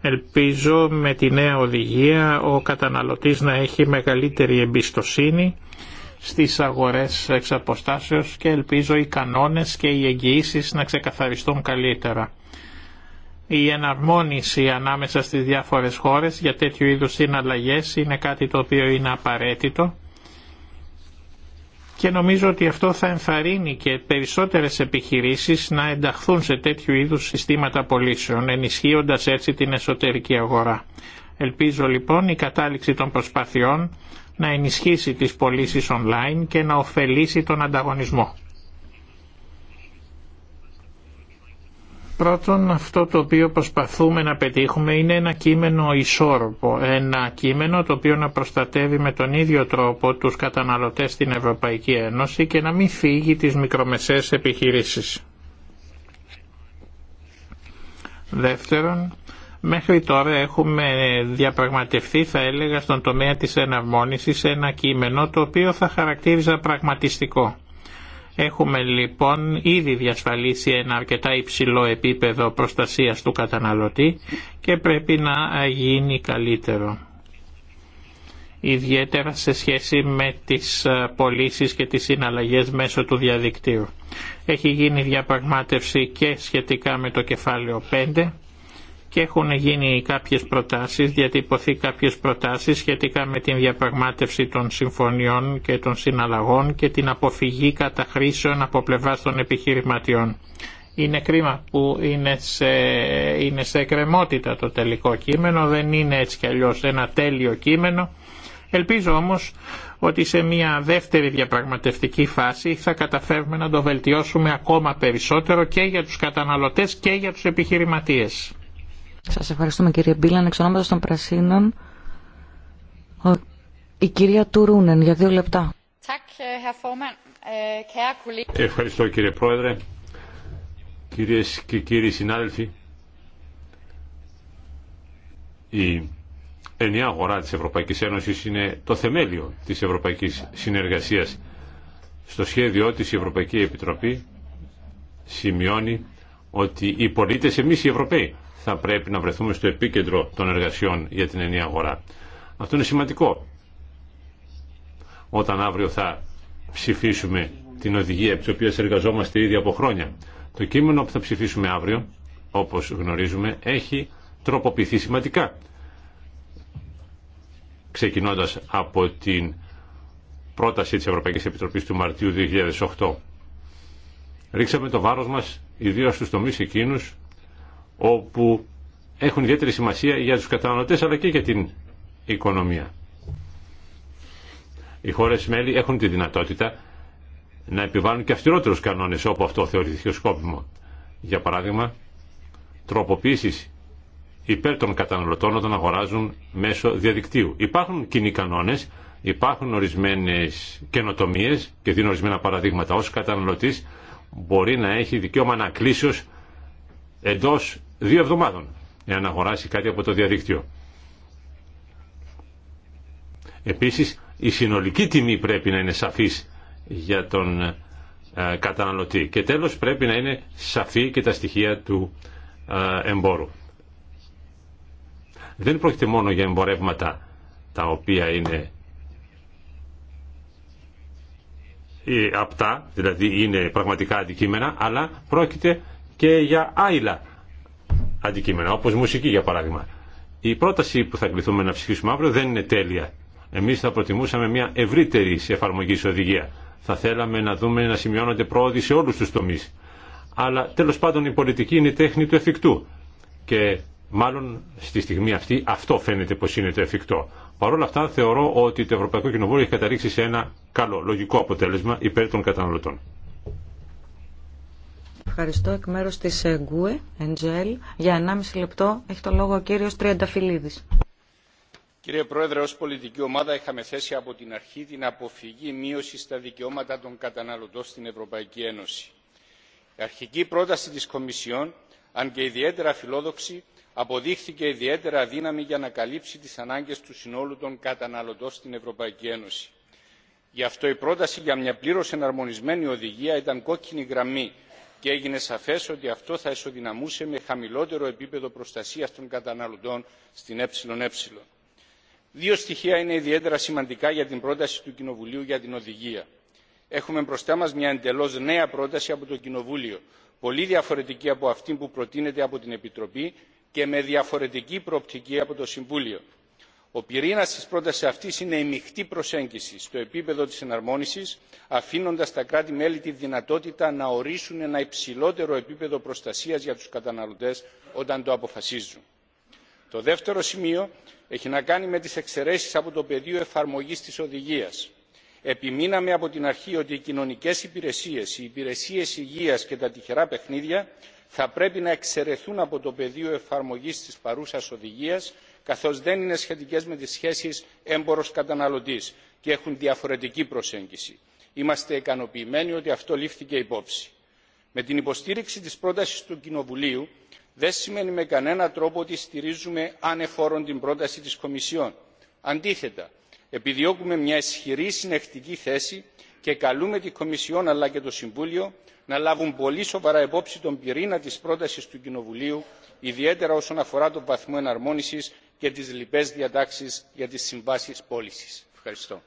Ελπίζω με τη νέα οδηγία ο καταναλωτής να έχει μεγαλύτερη εμπιστοσύνη στις αγορές εξ και ελπίζω οι κανόνες και οι εγγυήσει να ξεκαθαριστούν καλύτερα. Η εναρμόνιση ανάμεσα στις διάφορες χώρες για τέτοιου είδους συναλλαγές είναι κάτι το οποίο είναι απαραίτητο και νομίζω ότι αυτό θα ενθαρρύνει και περισσότερες επιχειρήσεις να ενταχθούν σε τέτοιου είδους συστήματα πωλήσεων, ενισχύοντας έτσι την εσωτερική αγορά. Ελπίζω λοιπόν η κατάληξη των προσπαθειών να ενισχύσει τις πωλήσει online και να ωφελήσει τον ανταγωνισμό. Πρώτον, αυτό το οποίο προσπαθούμε να πετύχουμε είναι ένα κείμενο ισόρροπο, ένα κείμενο το οποίο να προστατεύει με τον ίδιο τρόπο τους καταναλωτές στην Ευρωπαϊκή Ένωση και να μην φύγει τις μικρομεσαίες επιχειρήσεις. Δεύτερον, μέχρι τώρα έχουμε διαπραγματευτεί, θα έλεγα, στον τομέα της εναρμόνισης ένα κείμενο το οποίο θα χαρακτήριζα πραγματιστικό Έχουμε λοιπόν ήδη διασφαλίσει ένα αρκετά υψηλό επίπεδο προστασίας του καταναλωτή και πρέπει να γίνει καλύτερο. Ιδιαίτερα σε σχέση με τις ε, πωλήσει και τις συναλλαγές μέσω του διαδικτύου. Έχει γίνει διαπραγμάτευση και σχετικά με το κεφάλαιο 5 και έχουν γίνει κάποιες προτάσεις, διατυπωθεί κάποιες προτάσεις σχετικά με την διαπραγμάτευση των συμφωνιών και των συναλλαγών και την αποφυγή καταχρήσεων από πλευρά των επιχειρηματιών. Είναι κρίμα που είναι σε, είναι εκκρεμότητα το τελικό κείμενο, δεν είναι έτσι κι αλλιώς ένα τέλειο κείμενο. Ελπίζω όμως ότι σε μια δεύτερη διαπραγματευτική φάση θα καταφέρουμε να το βελτιώσουμε ακόμα περισσότερο και για τους καταναλωτές και για τους επιχειρηματίες. Σας ευχαριστούμε κύριε Μπίλαν. Εξ ονόματος των Πρασίνων, η κυρία Τουρούνεν για δύο λεπτά. Ε, ε, Ευχαριστώ κύριε Πρόεδρε, κυρίες και κύριοι συνάδελφοι. Η ενιαία αγορά της Ευρωπαϊκής Ένωσης είναι το θεμέλιο της Ευρωπαϊκής Συνεργασίας. Στο σχέδιό της η Ευρωπαϊκή Επιτροπή σημειώνει ότι οι πολίτες εμείς οι Ευρωπαίοι θα πρέπει να βρεθούμε στο επίκεντρο των εργασιών για την ενιαία αγορά. Αυτό είναι σημαντικό. Όταν αύριο θα ψηφίσουμε την οδηγία επί της οποίας εργαζόμαστε ήδη από χρόνια. Το κείμενο που θα ψηφίσουμε αύριο, όπως γνωρίζουμε, έχει τροποποιηθεί σημαντικά. Ξεκινώντας από την πρόταση της Ευρωπαϊκής Επιτροπής του Μαρτίου 2008. Ρίξαμε το βάρος μας ιδίως στους τομείς εκείνους όπου έχουν ιδιαίτερη σημασία για τους καταναλωτές αλλά και για την οικονομία. Οι χώρες μέλη έχουν τη δυνατότητα να επιβάλλουν και αυστηρότερους κανόνες όπου αυτό θεωρηθεί σκόπιμο. Για παράδειγμα, τροποποίησης υπέρ των καταναλωτών όταν αγοράζουν μέσω διαδικτύου. Υπάρχουν κοινοί κανόνες, υπάρχουν ορισμένες καινοτομίες και δίνω ορισμένα παραδείγματα. Ως καταναλωτής μπορεί να έχει δικαίωμα ανακλήσεως εντός δύο εβδομάδων εάν αγοράσει κάτι από το διαδίκτυο. Επίσης η συνολική τιμή πρέπει να είναι σαφής για τον ε, καταναλωτή και τέλος πρέπει να είναι σαφή και τα στοιχεία του ε, εμπόρου. Δεν πρόκειται μόνο για εμπορεύματα τα οποία είναι ε, απτά, δηλαδή είναι πραγματικά αντικείμενα, αλλά πρόκειται και για άειλα αντικείμενα, όπω μουσική για παράδειγμα. Η πρόταση που θα κληθούμε να ψηφίσουμε αύριο δεν είναι τέλεια. Εμεί θα προτιμούσαμε μια ευρύτερη εφαρμογή οδηγία. Θα θέλαμε να δούμε να σημειώνονται πρόοδοι σε όλου του τομεί. Αλλά τέλο πάντων η πολιτική είναι η τέχνη του εφικτού. Και μάλλον στη στιγμή αυτή αυτό φαίνεται πω είναι το εφικτό. Παρ' όλα αυτά θεωρώ ότι το Ευρωπαϊκό Κοινοβούλιο έχει καταρρύξει σε ένα καλό, λογικό αποτέλεσμα υπέρ των καταναλωτών. Ευχαριστώ εκ μέρου τη ε, ΓΚΟΕ, ΕΝΤΖΕΛ. Για 1,5 λεπτό έχει το λόγο ο κύριο Τριανταφυλλίδη. Κύριε Πρόεδρε, ω πολιτική ομάδα είχαμε θέσει από την αρχή την αποφυγή μείωση στα δικαιώματα των καταναλωτών στην Ευρωπαϊκή Ένωση. Η αρχική πρόταση τη Κομισιόν, αν και ιδιαίτερα φιλόδοξη, αποδείχθηκε ιδιαίτερα δύναμη για να καλύψει τι ανάγκε του συνόλου των καταναλωτών στην Ευρωπαϊκή Ένωση. Γι' αυτό η πρόταση για μια πλήρω εναρμονισμένη οδηγία ήταν κόκκινη γραμμή και έγινε σαφές ότι αυτό θα ισοδυναμούσε με χαμηλότερο επίπεδο προστασίας των καταναλωτών στην εε. δύο στοιχεία είναι ιδιαίτερα σημαντικά για την πρόταση του κοινοβουλίου για την οδηγία. έχουμε μπροστά μας μια εντελώς νέα πρόταση από το κοινοβούλιο πολύ διαφορετική από αυτή που προτείνεται από την επιτροπή και με διαφορετική προοπτική από το συμβούλιο ο πυρήνας της πρότασης αυτής είναι η μεικτή προσέγγιση στο επίπεδο της εναρμόνισης αφήνοντας τα κράτη μέλη τη δυνατότητα να ορίσουν ένα υψηλότερο επίπεδο προστασίας για τους καταναλωτές όταν το αποφασίζουν. το δεύτερο σημείο έχει να κάνει με τις εξαιρέσεις από το πεδίο εφαρμογής της οδηγίας. επιμείναμε από την αρχή ότι οι κοινωνικές υπηρεσίες οι υπηρεσίες υγείας και τα τυχερά παιχνίδια θα πρέπει να εξαιρεθούν από το πεδίο εφαρμογής της παρούσας οδηγίας καθώς δεν είναι σχετικές με τις σχέσεις έμπορος καταναλωτής και έχουν διαφορετική προσέγγιση. Είμαστε ικανοποιημένοι ότι αυτό λήφθηκε υπόψη. Με την υποστήριξη της πρότασης του Κοινοβουλίου δεν σημαίνει με κανένα τρόπο ότι στηρίζουμε ανεφόρον την πρόταση της Κομισιόν. Αντίθετα, επιδιώκουμε μια ισχυρή συνεχτική θέση και καλούμε τη Κομισιόν αλλά και το Συμβούλιο να λάβουν πολύ σοβαρά υπόψη τον πυρήνα της πρότασης του Κοινοβουλίου, ιδιαίτερα όσον αφορά τον βαθμό εναρμόνισης και τις λοιπές διατάξεις για τις συμβάσεις πώλησης. Ευχαριστώ.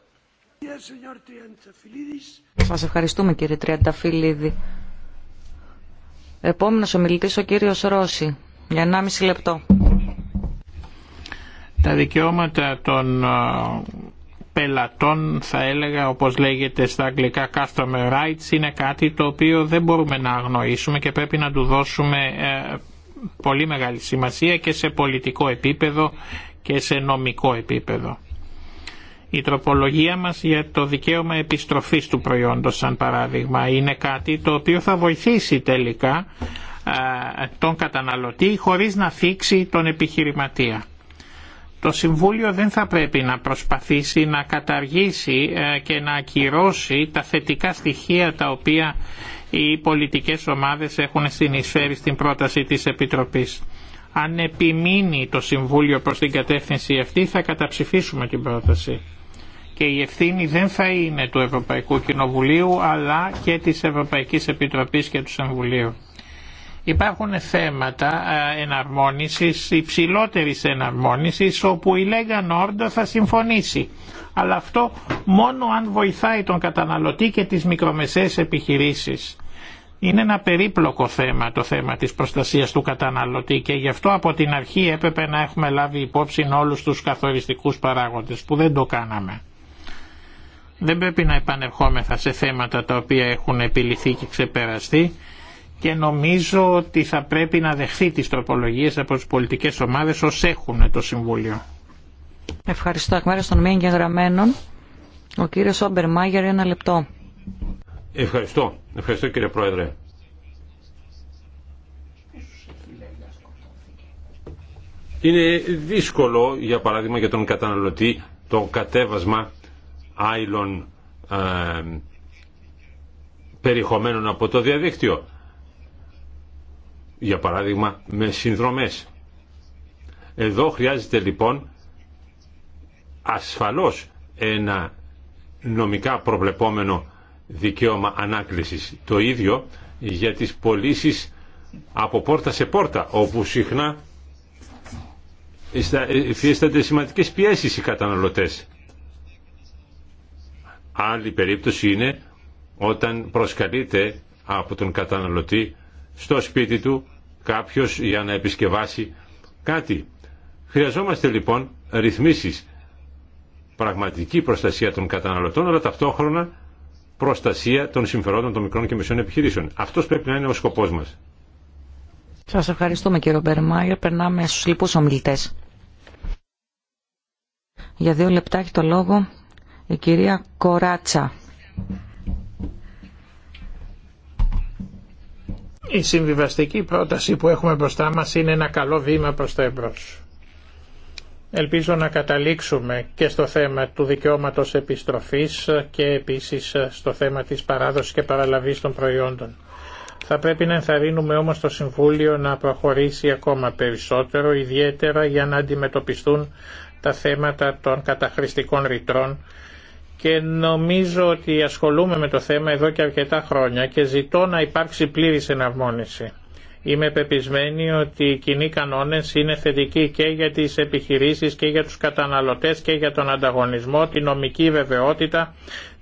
Σας ευχαριστούμε κύριε Τριανταφυλλίδη. Επόμενος ομιλητής ο κύριος Ρώση για 1,5 λεπτό. Τα δικαιώματα των πελατών θα έλεγα όπως λέγεται στα αγγλικά customer rights είναι κάτι το οποίο δεν μπορούμε να αγνοήσουμε και πρέπει να του δώσουμε ε, πολύ μεγάλη σημασία και σε πολιτικό επίπεδο και σε νομικό επίπεδο. Η τροπολογία μας για το δικαίωμα επιστροφής του προϊόντος σαν παράδειγμα είναι κάτι το οποίο θα βοηθήσει τελικά τον καταναλωτή χωρίς να θίξει τον επιχειρηματία. Το Συμβούλιο δεν θα πρέπει να προσπαθήσει να καταργήσει ε, και να ακυρώσει τα θετικά στοιχεία τα οποία οι πολιτικές ομάδες έχουν συνεισφέρει στην πρόταση της Επιτροπής. Αν επιμείνει το Συμβούλιο προς την κατεύθυνση αυτή θα καταψηφίσουμε την πρόταση. Και η ευθύνη δεν θα είναι του Ευρωπαϊκού Κοινοβουλίου αλλά και της Ευρωπαϊκής Επιτροπής και του Συμβουλίου. Υπάρχουν θέματα εναρμόνισης, υψηλότερης εναρμόνισης, όπου η Λέγκα Νόρντο θα συμφωνήσει. Αλλά αυτό μόνο αν βοηθάει τον καταναλωτή και τις μικρομεσαίες επιχειρήσεις. Είναι ένα περίπλοκο θέμα το θέμα της προστασίας του καταναλωτή και γι' αυτό από την αρχή έπρεπε να έχουμε λάβει υπόψη όλους τους καθοριστικούς παράγοντες που δεν το κάναμε. Δεν πρέπει να επανερχόμεθα σε θέματα τα οποία έχουν επιληθεί και ξεπεραστεί και νομίζω ότι θα πρέπει να δεχθεί τις τροπολογίες από τις πολιτικές ομάδες ως έχουν το Συμβούλιο. Ευχαριστώ. Εκ μέρους των ο κύριος Όμπερ Μάγερ, ένα λεπτό. Ευχαριστώ. Ευχαριστώ κύριε Πρόεδρε. Είναι δύσκολο, για παράδειγμα, για τον καταναλωτή το κατέβασμα άϊλων ε, περιεχομένων από το διαδίκτυο για παράδειγμα με συνδρομές. Εδώ χρειάζεται λοιπόν ασφαλώς ένα νομικά προβλεπόμενο δικαίωμα ανάκλησης. Το ίδιο για τις πωλήσει από πόρτα σε πόρτα, όπου συχνά ε, υφίστανται σημαντικές πιέσεις οι καταναλωτές. Άλλη περίπτωση είναι όταν προσκαλείται από τον καταναλωτή στο σπίτι του κάποιος για να επισκευάσει κάτι. Χρειαζόμαστε λοιπόν ρυθμίσεις, πραγματική προστασία των καταναλωτών, αλλά ταυτόχρονα προστασία των συμφερόντων των μικρών και μεσών επιχειρήσεων. Αυτός πρέπει να είναι ο σκοπός μας. Σας ευχαριστούμε κύριο Μπερμάγερ. Περνάμε στους λοιπούς ομιλητές. Για δύο λεπτά έχει το λόγο η κυρία Κοράτσα. Η συμβιβαστική πρόταση που έχουμε μπροστά μας είναι ένα καλό βήμα προς τα εμπρός. Ελπίζω να καταλήξουμε και στο θέμα του δικαιώματος επιστροφής και επίσης στο θέμα της παράδοσης και παραλαβής των προϊόντων. Θα πρέπει να ενθαρρύνουμε όμως το Συμβούλιο να προχωρήσει ακόμα περισσότερο, ιδιαίτερα για να αντιμετωπιστούν τα θέματα των καταχρηστικών ρητρών και νομίζω ότι ασχολούμαι με το θέμα εδώ και αρκετά χρόνια και ζητώ να υπάρξει πλήρης εναρμόνιση. Είμαι πεπισμένη ότι οι κοινοί κανόνες είναι θετικοί και για τις επιχειρήσεις και για τους καταναλωτές και για τον ανταγωνισμό, την νομική βεβαιότητα,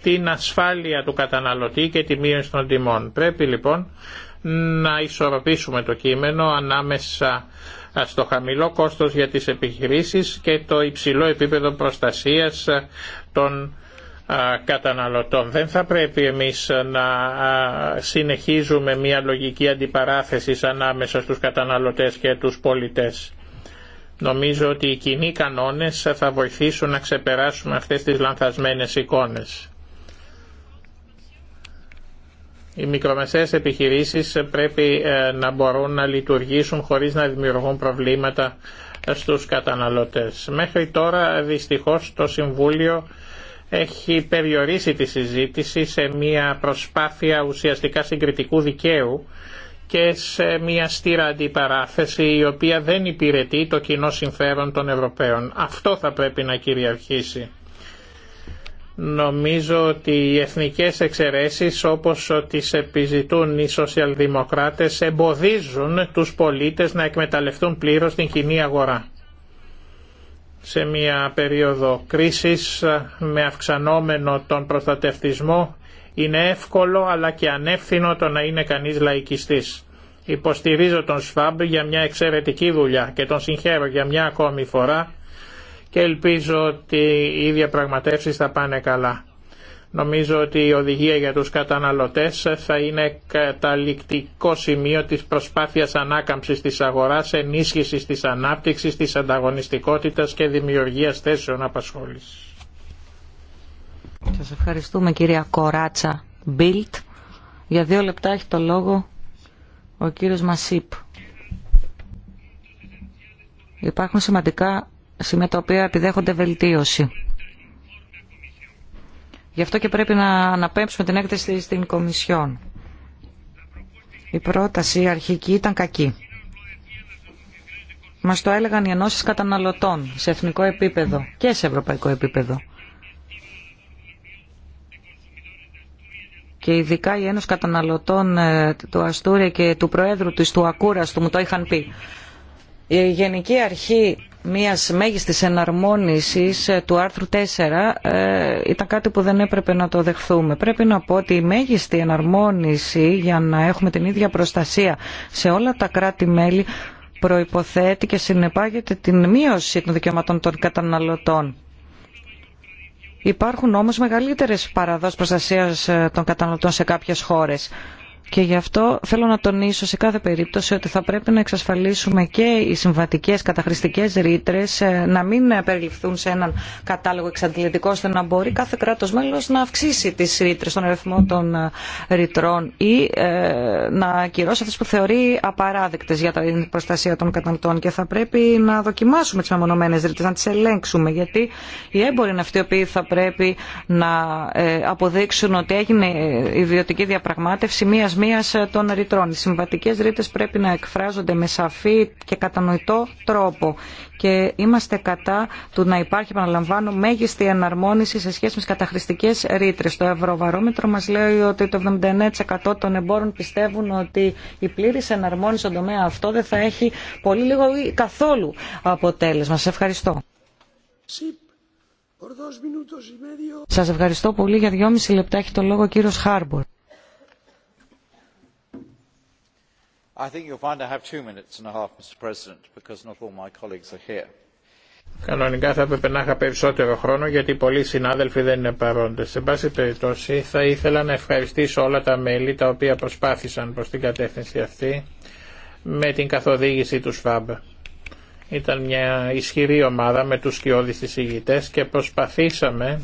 την ασφάλεια του καταναλωτή και τη μείωση των τιμών. Πρέπει λοιπόν να ισορροπήσουμε το κείμενο ανάμεσα στο χαμηλό κόστος για τις επιχειρήσεις και το υψηλό επίπεδο προστασίας των καταναλωτών. Δεν θα πρέπει εμείς να συνεχίζουμε μια λογική αντιπαράθεση ανάμεσα στους καταναλωτές και τους πολιτές. Νομίζω ότι οι κοινοί κανόνες θα βοηθήσουν να ξεπεράσουμε αυτές τις λανθασμένες εικόνες. Οι μικρομεσαίες επιχειρήσεις πρέπει ε, να μπορούν να λειτουργήσουν χωρίς να δημιουργούν προβλήματα στους καταναλωτές. Μέχρι τώρα δυστυχώς το Συμβούλιο έχει περιορίσει τη συζήτηση σε μια προσπάθεια ουσιαστικά συγκριτικού δικαίου και σε μια στήρα αντιπαράθεση η οποία δεν υπηρετεί το κοινό συμφέρον των Ευρωπαίων. Αυτό θα πρέπει να κυριαρχήσει. Νομίζω ότι οι εθνικές εξαιρέσεις όπως τις επιζητούν οι σοσιαλδημοκράτες εμποδίζουν τους πολίτες να εκμεταλλευτούν πλήρως την κοινή αγορά σε μια περίοδο κρίσης με αυξανόμενο τον προστατευτισμό είναι εύκολο αλλά και ανεύθυνο το να είναι κανείς λαϊκιστής. Υποστηρίζω τον ΣΦΑΜ για μια εξαιρετική δουλειά και τον συγχαίρω για μια ακόμη φορά και ελπίζω ότι οι διαπραγματεύσει θα πάνε καλά. Νομίζω ότι η οδηγία για τους καταναλωτές θα είναι καταληκτικό σημείο της προσπάθειας ανάκαμψης της αγοράς, ενίσχυσης της ανάπτυξης, της ανταγωνιστικότητας και δημιουργίας θέσεων απασχόλησης. Σας ευχαριστούμε κυρία Κοράτσα Μπίλτ. Για δύο λεπτά έχει το λόγο ο κύριος Μασίπ. Υπάρχουν σημαντικά σημεία τα οποία επιδέχονται βελτίωση. Γι' αυτό και πρέπει να αναπέμψουμε την έκθεση στην Κομισιόν. Η πρόταση αρχική ήταν κακή. Μας το έλεγαν οι ενώσεις καταναλωτών σε εθνικό επίπεδο και σε ευρωπαϊκό επίπεδο. και ειδικά οι Ένωση Καταναλωτών ε, του Αστούρια και του Προέδρου της του του μου το είχαν πει. Η Γενική Αρχή μιας μέγιστης εναρμόνισης ε, του άρθρου 4 ε, ήταν κάτι που δεν έπρεπε να το δεχθούμε. Πρέπει να πω ότι η μέγιστη εναρμόνιση για να έχουμε την ίδια προστασία σε όλα τα κράτη-μέλη προϋποθέτει και συνεπάγεται την μείωση των δικαιωμάτων των καταναλωτών. Υπάρχουν όμως μεγαλύτερες παραδόσεις προστασίας ε, των καταναλωτών σε κάποιες χώρες. Και γι' αυτό θέλω να τονίσω σε κάθε περίπτωση ότι θα πρέπει να εξασφαλίσουμε και οι συμβατικέ καταχρηστικέ ρήτρε ε, να μην περιληφθούν σε έναν κατάλογο εξαντλητικό ώστε να μπορεί κάθε κράτο μέλο να αυξήσει τι ρήτρε, τον αριθμό των ε, ρητρών ή ε, να ακυρώσει αυτέ που θεωρεί απαράδεκτε για την προστασία των καταναλωτών. Και θα πρέπει να δοκιμάσουμε τι μεμονωμένε ρήτρε, να τι ελέγξουμε. Γιατί οι έμποροι είναι αυτοί οι οποίοι θα πρέπει να αποδείξουν ότι έγινε ιδιωτική διαπραγμάτευση μία ε, των ρητρών. Οι συμβατικέ ρήτες πρέπει να εκφράζονται με σαφή και κατανοητό τρόπο και είμαστε κατά του να υπάρχει, επαναλαμβάνω, μέγιστη εναρμόνιση σε σχέση με τι καταχρηστικέ ρήτρε. Το Ευρωβαρόμετρο μα λέει ότι το 79% των εμπόρων πιστεύουν ότι η πλήρη εναρμόνιση στον τομέα αυτό δεν θα έχει πολύ λίγο ή καθόλου αποτέλεσμα. Σα ευχαριστώ. Σας ευχαριστώ πολύ. Για δυόμιση λεπτά έχει το λόγο ο κύριος Χάρμπορ. Κανονικά θα έπρεπε να είχα περισσότερο χρόνο γιατί πολλοί συνάδελφοι δεν είναι παρόντες. Σε πάση περιπτώσει θα ήθελα να ευχαριστήσω όλα τα μέλη τα οποία προσπάθησαν προς την κατεύθυνση αυτή με την καθοδήγηση του ΣΒΑΜΠ. Ήταν μια ισχυρή ομάδα με τους σκιώδεις εισηγητές και προσπαθήσαμε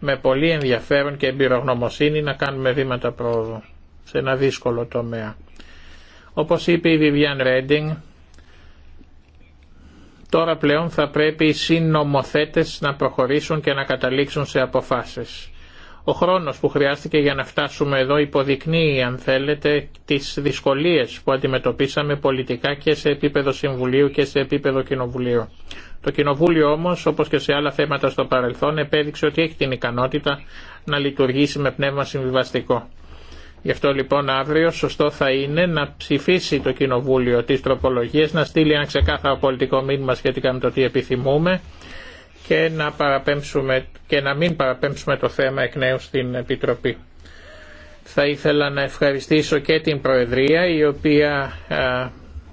με πολύ ενδιαφέρον και εμπειρογνωμοσύνη να κάνουμε βήματα πρόοδου σε ένα δύσκολο τομέα. Όπως είπε η Βιβιάν Ρέντινγκ, τώρα πλέον θα πρέπει οι συνομοθέτες να προχωρήσουν και να καταλήξουν σε αποφάσεις. Ο χρόνος που χρειάστηκε για να φτάσουμε εδώ υποδεικνύει, αν θέλετε, τις δυσκολίες που αντιμετωπίσαμε πολιτικά και σε επίπεδο Συμβουλίου και σε επίπεδο Κοινοβουλίου. Το Κοινοβούλιο όμως, όπως και σε άλλα θέματα στο παρελθόν, επέδειξε ότι έχει την ικανότητα να λειτουργήσει με πνεύμα συμβιβαστικό. Γι' αυτό λοιπόν αύριο σωστό θα είναι να ψηφίσει το Κοινοβούλιο τις τροπολογίες, να στείλει ένα ξεκάθαρο πολιτικό μήνυμα σχετικά με το τι επιθυμούμε και να, παραπέμψουμε, και να μην παραπέμψουμε το θέμα εκ νέου στην Επιτροπή. Θα ήθελα να ευχαριστήσω και την Προεδρία η οποία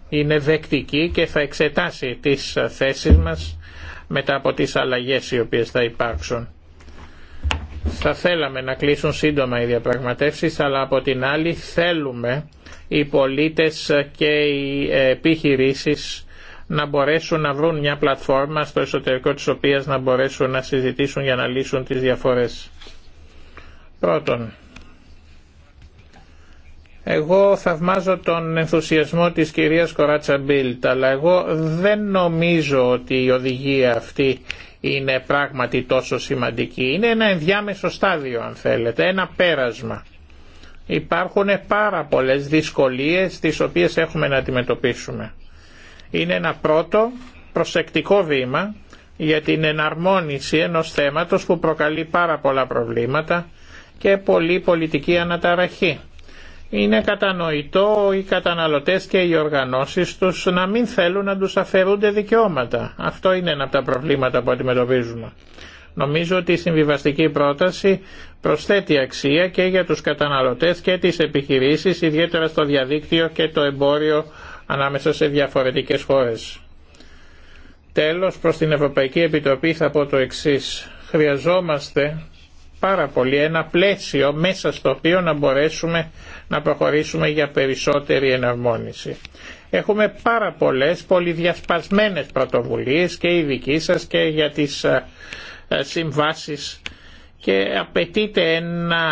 είναι δεκτική και θα εξετάσει τις θέσεις μας μετά από τις αλλαγές οι οποίες θα υπάρξουν. Θα θέλαμε να κλείσουν σύντομα οι διαπραγματεύσεις, αλλά από την άλλη θέλουμε οι πολίτες και οι επιχειρήσεις να μπορέσουν να βρουν μια πλατφόρμα στο εσωτερικό της οποίας να μπορέσουν να συζητήσουν για να λύσουν τις διαφορές. Πρώτον, εγώ θαυμάζω τον ενθουσιασμό της κυρίας Κοράτσα Μπίλτ, αλλά εγώ δεν νομίζω ότι η οδηγία αυτή είναι πράγματι τόσο σημαντική. Είναι ένα ενδιάμεσο στάδιο αν θέλετε, ένα πέρασμα. Υπάρχουν πάρα πολλές δυσκολίες τις οποίες έχουμε να αντιμετωπίσουμε. Είναι ένα πρώτο προσεκτικό βήμα για την εναρμόνιση ενός θέματος που προκαλεί πάρα πολλά προβλήματα και πολλή πολιτική αναταραχή είναι κατανοητό οι καταναλωτές και οι οργανώσεις τους να μην θέλουν να τους αφαιρούνται δικαιώματα. Αυτό είναι ένα από τα προβλήματα που αντιμετωπίζουμε. Νομίζω ότι η συμβιβαστική πρόταση προσθέτει αξία και για τους καταναλωτές και τις επιχειρήσεις, ιδιαίτερα στο διαδίκτυο και το εμπόριο ανάμεσα σε διαφορετικές χώρες. Τέλος, προς την Ευρωπαϊκή Επιτροπή θα πω το εξής. Χρειαζόμαστε πάρα πολύ ένα πλαίσιο μέσα στο οποίο να μπορέσουμε να προχωρήσουμε για περισσότερη εναρμόνιση. Έχουμε πάρα πολλές πολυδιασπασμένες πρωτοβουλίες και οι δική σας και για τις ε, ε, συμβάσεις και απαιτείται ένα,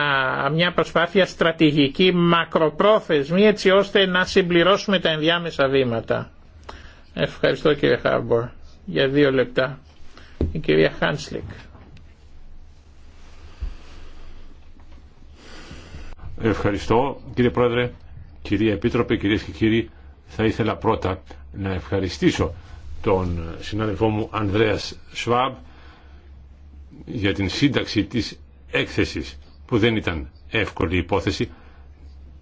μια προσπάθεια στρατηγική μακροπρόθεσμη έτσι ώστε να συμπληρώσουμε τα ενδιάμεσα βήματα. Ευχαριστώ κύριε Χάρμπορ. Για δύο λεπτά. Η κυρία Χάνσλικ. Ευχαριστώ κύριε Πρόεδρε, κυρία Επίτροπε, κύριε και κύριοι. Θα ήθελα πρώτα να ευχαριστήσω τον συνάδελφό μου Ανδρέας Σβάμπ για την σύνταξη της έκθεσης που δεν ήταν εύκολη υπόθεση.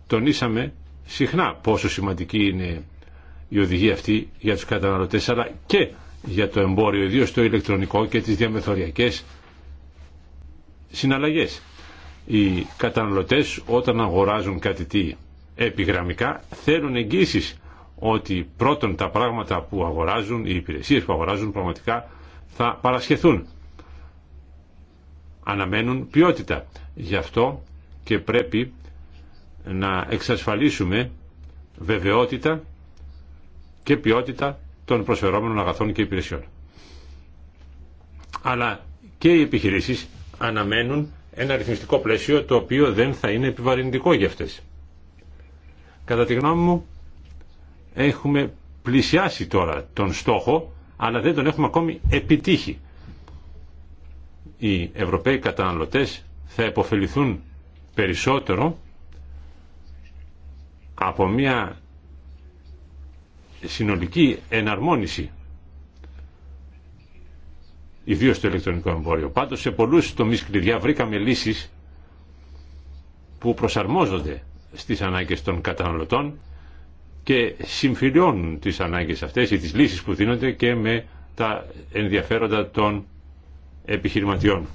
Τονίσαμε συχνά πόσο σημαντική είναι η οδηγία αυτή για τους καταναλωτές αλλά και για το εμπόριο, ιδίως το ηλεκτρονικό και τις διαμεθοριακές συναλλαγές οι καταναλωτές όταν αγοράζουν κάτι τι επιγραμμικά θέλουν εγγύσεις ότι πρώτον τα πράγματα που αγοράζουν, οι υπηρεσίες που αγοράζουν πραγματικά θα παρασχεθούν. Αναμένουν ποιότητα. Γι' αυτό και πρέπει να εξασφαλίσουμε βεβαιότητα και ποιότητα των προσφερόμενων αγαθών και υπηρεσιών. Αλλά και οι επιχειρήσεις αναμένουν ένα ρυθμιστικό πλαίσιο το οποίο δεν θα είναι επιβαρυντικό για αυτές. Κατά τη γνώμη μου έχουμε πλησιάσει τώρα τον στόχο αλλά δεν τον έχουμε ακόμη επιτύχει. Οι Ευρωπαίοι καταναλωτές θα επωφεληθούν περισσότερο από μια συνολική εναρμόνιση Ιδίω στο ηλεκτρονικό εμπόριο. Πάντως σε πολλού τομεί κλειδιά βρήκαμε λύσεις που προσαρμόζονται στις ανάγκες των καταναλωτών και συμφιλιώνουν τις ανάγκες αυτές ή τις λύσεις που δίνονται και με τα ενδιαφέροντα των επιχειρηματιών.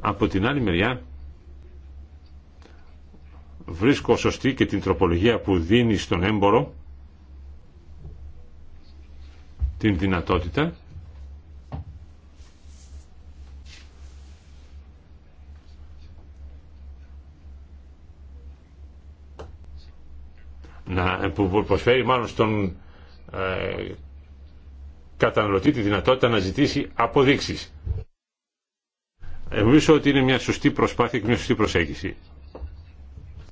Από την άλλη μεριά βρίσκω σωστή και την τροπολογία που δίνει στον έμπορο την δυνατότητα να, που προσφέρει μάλλον στον ε, καταναλωτή τη δυνατότητα να ζητήσει αποδείξεις. Νομίζω ότι είναι μια σωστή προσπάθεια και μια σωστή προσέγγιση.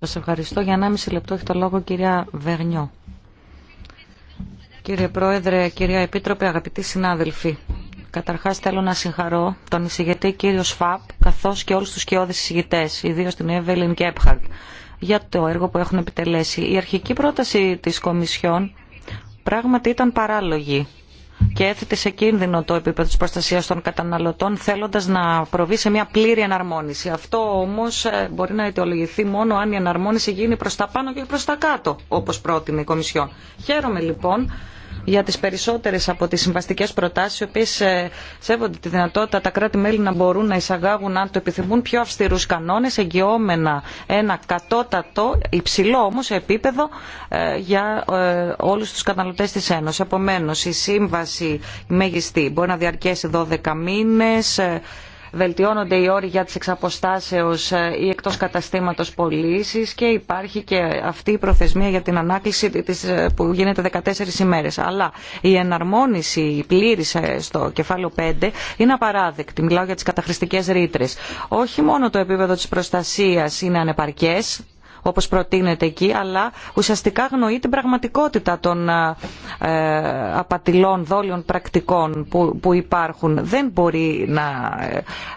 Σα ευχαριστώ. Για 1,5 λεπτό έχει το λόγο κυρία Βερνιό. Κύριε Πρόεδρε, κυρία Επίτροπε, αγαπητοί συνάδελφοι. Καταρχάς θέλω να συγχαρώ τον εισηγητή κύριο Σφαπ καθώς και όλους τους σκιώδεις εισηγητές, ιδίως την Εύελιν Κέπχαρτ για το έργο που έχουν επιτελέσει. Η αρχική πρόταση της Κομισιόν πράγματι ήταν παράλογη και έθετε σε κίνδυνο το επίπεδο της προστασίας των καταναλωτών θέλοντας να προβεί σε μια πλήρη εναρμόνιση. Αυτό όμως ε, μπορεί να αιτιολογηθεί μόνο αν η εναρμόνιση γίνει προς τα πάνω και προς τα κάτω, όπως πρότεινε η Κομισιόν. Χαίρομαι λοιπόν για τις περισσότερες από τις συμβαστικές προτάσεις, οι οποίες ε, σέβονται τη δυνατότητα τα κράτη-μέλη να μπορούν να εισαγάγουν, αν το επιθυμούν, πιο αυστηρούς κανόνες, εγγυόμενα ένα κατώτατο, υψηλό όμως επίπεδο ε, για ε, όλους τους καταναλωτές της Ένωσης. Επομένως, η σύμβαση μέγιστη μπορεί να διαρκέσει 12 μήνες, βελτιώνονται οι όροι για τις εξαποστάσεως ε, ή εκτός καταστήματος πωλήσει και υπάρχει και αυτή η προθεσμία για την ανάκληση ε, που γίνεται 14 ημέρες. Αλλά η εναρμόνιση η πλήρης ε, στο κεφάλαιο 5 είναι απαράδεκτη. Μιλάω για τις καταχρηστικές ρήτρε. Όχι μόνο το επίπεδο της προστασίας είναι ανεπαρκές, όπως προτείνεται εκεί, αλλά ουσιαστικά γνωρεί την πραγματικότητα των ε, ε, απατηλών δόλιων πρακτικών που υπάρχουν. Δεν μπορεί να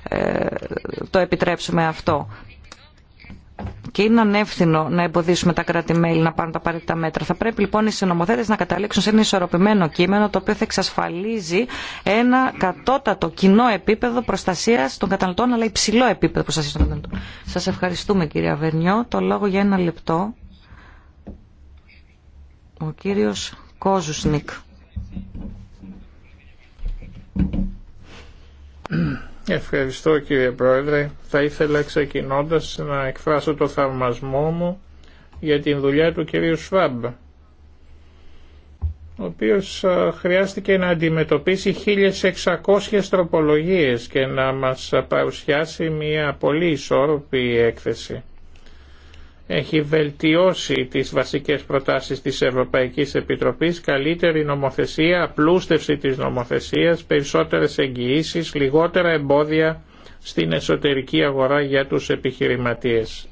ε, το επιτρέψουμε αυτό και είναι ανεύθυνο να εμποδίσουμε τα κράτη-μέλη να πάρουν τα απαραίτητα μέτρα. Θα πρέπει λοιπόν οι συνομοθέτες να καταλήξουν σε ένα ισορροπημένο κείμενο το οποίο θα εξασφαλίζει ένα κατώτατο κοινό επίπεδο προστασίας των καταναλωτών αλλά υψηλό επίπεδο προστασίας των καταναλωτών. Σας ευχαριστούμε κυρία Βερνιό. Το λόγο για ένα λεπτό. Ο κύριο Κόζουσνικ. [clears throat] [clears throat] Ευχαριστώ κύριε Πρόεδρε. Θα ήθελα ξεκινώντας να εκφράσω το θαυμασμό μου για την δουλειά του κυρίου Σφαμπ, ο οποίος χρειάστηκε να αντιμετωπίσει 1.600 τροπολογίες και να μας παρουσιάσει μια πολύ ισόρροπη έκθεση έχει βελτιώσει τις βασικές προτάσεις της Ευρωπαϊκής Επιτροπής, καλύτερη νομοθεσία, απλούστευση της νομοθεσίας, περισσότερες εγγυήσεις, λιγότερα εμπόδια στην εσωτερική αγορά για τους επιχειρηματίες.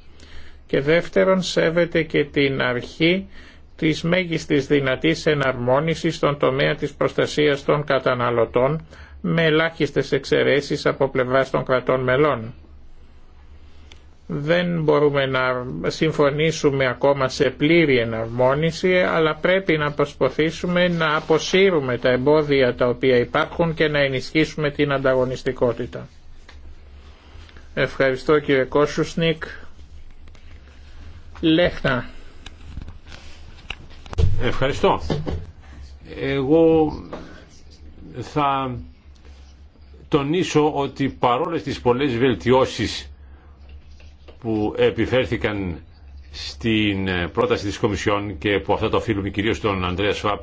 Και δεύτερον, σέβεται και την αρχή της μέγιστης δυνατής εναρμόνισης στον τομέα της προστασίας των καταναλωτών, με ελάχιστες εξαιρέσεις από πλευράς των κρατών μελών δεν μπορούμε να συμφωνήσουμε ακόμα σε πλήρη εναρμόνιση αλλά πρέπει να προσπαθήσουμε να αποσύρουμε τα εμπόδια τα οποία υπάρχουν και να ενισχύσουμε την ανταγωνιστικότητα. Ευχαριστώ κύριε Κόσουσνικ. Λέχνα. Ευχαριστώ. Εγώ θα τονίσω ότι παρόλες τις πολλές βελτιώσεις που επιφέρθηκαν στην πρόταση της Κομισιόν και που αυτά το οφείλουμε κυρίως στον Ανδρέα Σφάπ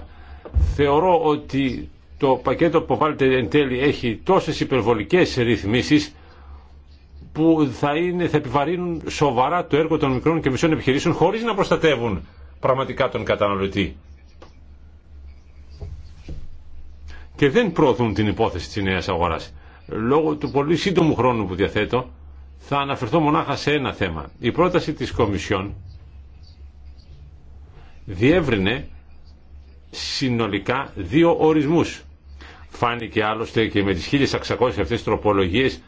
θεωρώ ότι το πακέτο που βάλετε εν τέλει έχει τόσες υπερβολικές ρυθμίσεις που θα, είναι, θα επιβαρύνουν σοβαρά το έργο των μικρών και μισών επιχειρήσεων χωρίς να προστατεύουν πραγματικά τον καταναλωτή. Και δεν προωθούν την υπόθεση της νέας αγοράς. Λόγω του πολύ σύντομου χρόνου που διαθέτω θα αναφερθώ μονάχα σε ένα θέμα. Η πρόταση της Κομισιόν διεύρυνε συνολικά δύο ορισμούς. Φάνηκε άλλωστε και με τις 1600 αυτές τροπολογίες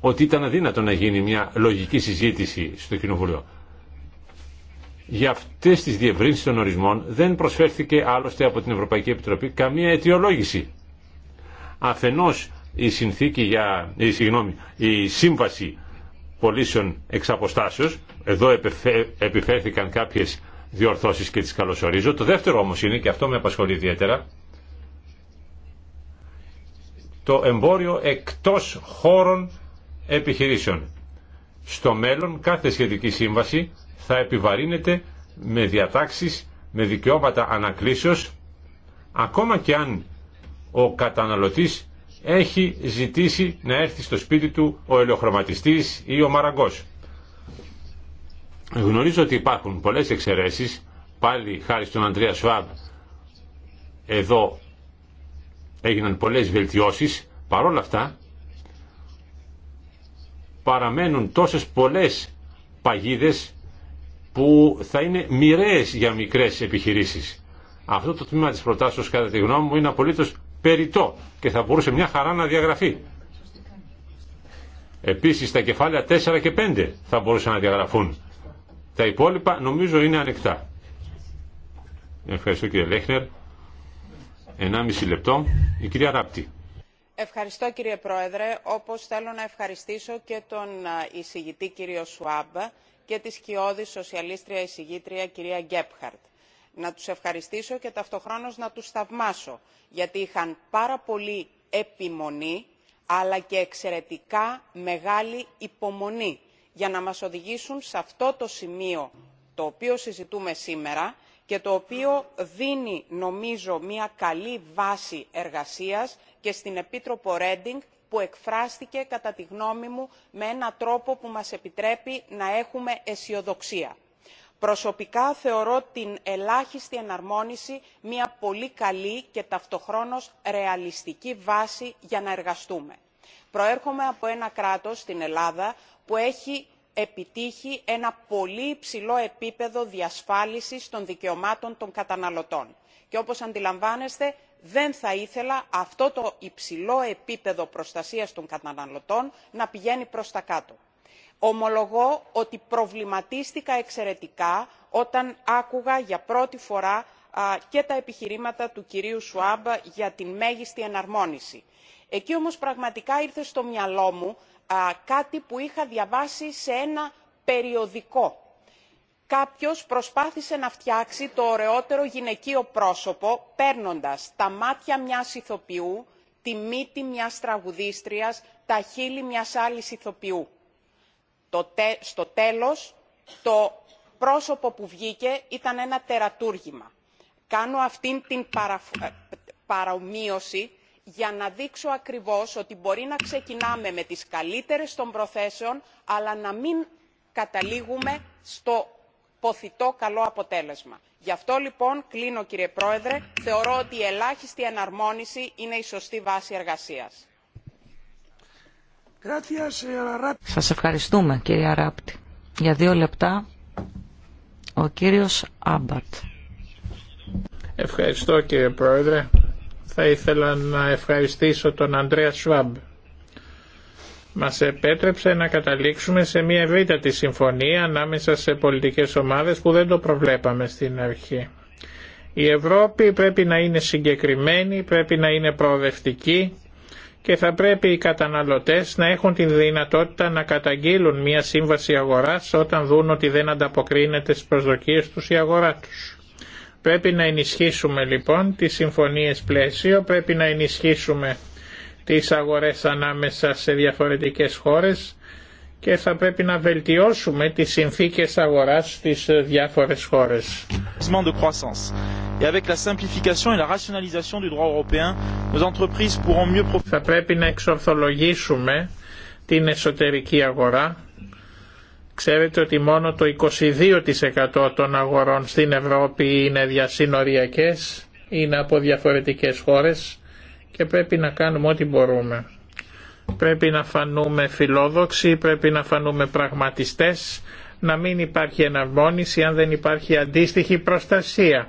ότι ήταν αδύνατο να γίνει μια λογική συζήτηση στο Κοινοβουλίο. Για αυτές τις διευρύνσεις των ορισμών δεν προσφέρθηκε άλλωστε από την Ευρωπαϊκή Επιτροπή καμία αιτιολόγηση. Αφενός η συνθήκη για, η, συγγνώμη, η σύμβαση πωλήσεων εξ αποστάσεως, εδώ επιφέρθηκαν κάποιες διορθώσεις και τις καλωσορίζω. Το δεύτερο όμως είναι, και αυτό με απασχολεί ιδιαίτερα, το εμπόριο εκτός χώρων επιχειρήσεων. Στο μέλλον κάθε σχετική σύμβαση θα επιβαρύνεται με διατάξεις, με δικαιώματα ανακλήσεως, ακόμα και αν ο καταναλωτής έχει ζητήσει να έρθει στο σπίτι του ο ελαιοχρωματιστής ή ο μαραγκός. Γνωρίζω ότι υπάρχουν πολλές εξαιρέσεις, πάλι χάρη στον Αντρία Σουάμπ εδώ έγιναν πολλές βελτιώσεις, παρόλα αυτά παραμένουν τόσες πολλές παγίδες που θα είναι μοιραίες για μικρές επιχειρήσεις. Αυτό το τμήμα της προτάσεως κατά τη γνώμη μου είναι απολύτως περιττό και θα μπορούσε μια χαρά να διαγραφεί. Επίσης τα κεφάλαια 4 και 5 θα μπορούσαν να διαγραφούν. Τα υπόλοιπα νομίζω είναι ανεκτά. Ευχαριστώ κύριε Λέχνερ. 1,5 λεπτό. Η κυρία Ράπτη. Ευχαριστώ κύριε Πρόεδρε. Όπως θέλω να ευχαριστήσω και τον εισηγητή κύριο Σουάμπ και τη σκιώδη σοσιαλίστρια εισηγήτρια κυρία Γκέπχαρτ να τους ευχαριστήσω και ταυτοχρόνως να τους θαυμάσω γιατί είχαν πάρα πολύ επιμονή αλλά και εξαιρετικά μεγάλη υπομονή για να μας οδηγήσουν σε αυτό το σημείο το οποίο συζητούμε σήμερα και το οποίο δίνει νομίζω μια καλή βάση εργασίας και στην επίτροπο ρέντινγκ που εκφράστηκε κατά τη γνώμη μου με έναν τρόπο που μας επιτρέπει να έχουμε αισιοδοξία προσωπικά θεωρώ την ελάχιστη εναρμόνιση μια πολύ καλή και ταυτοχρόνως ρεαλιστική βάση για να εργαστούμε. προέρχομαι από ένα κράτος την ελλάδα που έχει επιτύχει ένα πολύ υψηλό επίπεδο διασφάλισης των δικαιωμάτων των καταναλωτών και όπως αντιλαμβάνεστε δεν θα ήθελα αυτό το υψηλό επίπεδο προστασίας των καταναλωτών να πηγαίνει προς τα κάτω ομολογώ ότι προβληματίστηκα εξαιρετικά όταν άκουγα για πρώτη φορά και τα επιχειρήματα του κυρίου σουαμπ για την μέγιστη εναρμόνιση. εκεί όμως πραγματικά ήρθε στο μυαλό μου κάτι που είχα διαβάσει σε ένα περιοδικό. κάποιος προσπάθησε να φτιάξει το ωραιότερο γυναικείο πρόσωπο παίρνοντας τα μάτια μιας ηθοποιού τη μύτη μιας τραγουδίστριας τα χείλη μιας άλλης ηθοποιού στο τέλος το πρόσωπο που βγήκε ήταν ένα τερατούργημα. κάνω αυτήν την ε, παρομοίωση για να δείξω ακριβώς ότι μπορεί να ξεκινάμε με τις καλύτερες των προθέσεων αλλά να μην καταλήγουμε στο ποθητό καλό αποτέλεσμα. γι' αυτό λοιπόν κλείνω κύριε πρόεδρε θεωρώ ότι η ελάχιστη εναρμόνιση είναι η σωστή βάση εργασίας. Σας ευχαριστούμε κύριε Αράπτη. Για δύο λεπτά ο κύριος Άμπατ. Ευχαριστώ κύριε Πρόεδρε. Θα ήθελα να ευχαριστήσω τον Αντρέα Σουάμπ. Μας επέτρεψε να καταλήξουμε σε μια ευρύτατη συμφωνία ανάμεσα σε πολιτικές ομάδες που δεν το προβλέπαμε στην αρχή. Η Ευρώπη πρέπει να είναι συγκεκριμένη, πρέπει να είναι προοδευτική και θα πρέπει οι καταναλωτές να έχουν τη δυνατότητα να καταγγείλουν μια σύμβαση αγοράς όταν δουν ότι δεν ανταποκρίνεται στις προσδοκίες τους η αγορά τους. Πρέπει να ενισχύσουμε λοιπόν τις συμφωνίες πλαίσιο, πρέπει να ενισχύσουμε τις αγορές ανάμεσα σε διαφορετικές χώρες και θα πρέπει να βελτιώσουμε τις συνθήκες αγοράς στις διάφορες χώρες. Θα πρέπει να εξορθολογήσουμε την εσωτερική αγορά. Ξέρετε ότι μόνο το 22% των αγορών στην Ευρώπη είναι διασυνοριακές, είναι από διαφορετικές χώρες και πρέπει να κάνουμε ό,τι μπορούμε. Πρέπει να φανούμε φιλόδοξοι, πρέπει να φανούμε πραγματιστές, να μην υπάρχει εναρμόνιση αν δεν υπάρχει αντίστοιχη προστασία.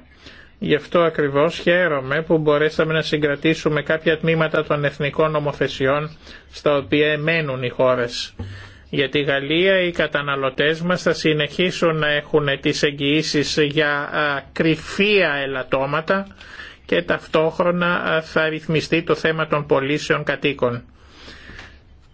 Γι' αυτό ακριβώς χαίρομαι που μπορέσαμε να συγκρατήσουμε κάποια τμήματα των εθνικών νομοθεσιών στα οποία εμένουν οι χώρες. Για τη Γαλλία οι καταναλωτές μας θα συνεχίσουν να έχουν τις εγγυήσει για κρυφία ελαττώματα και ταυτόχρονα θα ρυθμιστεί το θέμα των πωλήσεων κατοίκων.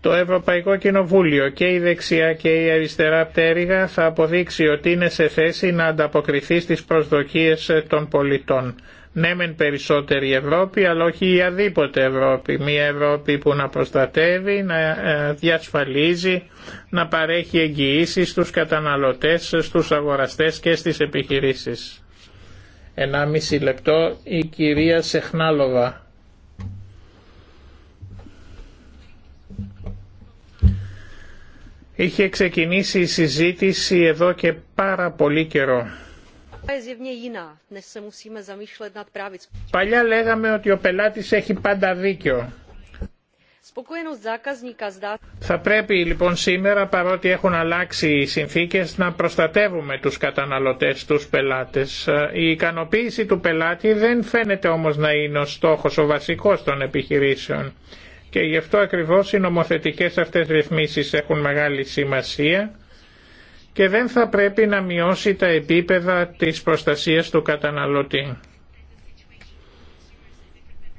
Το Ευρωπαϊκό Κοινοβούλιο και η δεξιά και η αριστερά πτέρυγα θα αποδείξει ότι είναι σε θέση να ανταποκριθεί στις προσδοκίες των πολιτών. Ναι μεν περισσότερη Ευρώπη αλλά όχι η αδίποτε Ευρώπη. Μια Ευρώπη που να προστατεύει, να ε, διασφαλίζει, να παρέχει εγγυήσεις στους καταναλωτές, στους αγοραστές και στις επιχειρήσεις. 1,5 λεπτό η κυρία Σεχνάλοβα. Είχε ξεκινήσει η συζήτηση εδώ και πάρα πολύ καιρό. Παλιά λέγαμε ότι ο πελάτης έχει πάντα δίκιο. Θα πρέπει λοιπόν σήμερα παρότι έχουν αλλάξει οι συνθήκες να προστατεύουμε τους καταναλωτές, τους πελάτες. Ε, η ικανοποίηση του πελάτη δεν φαίνεται όμως να είναι ο στόχος, ο βασικός των επιχειρήσεων. Και γι' αυτό ακριβώς οι νομοθετικές αυτές ρυθμίσεις έχουν μεγάλη σημασία και δεν θα πρέπει να μειώσει τα επίπεδα της προστασίας του καταναλωτή.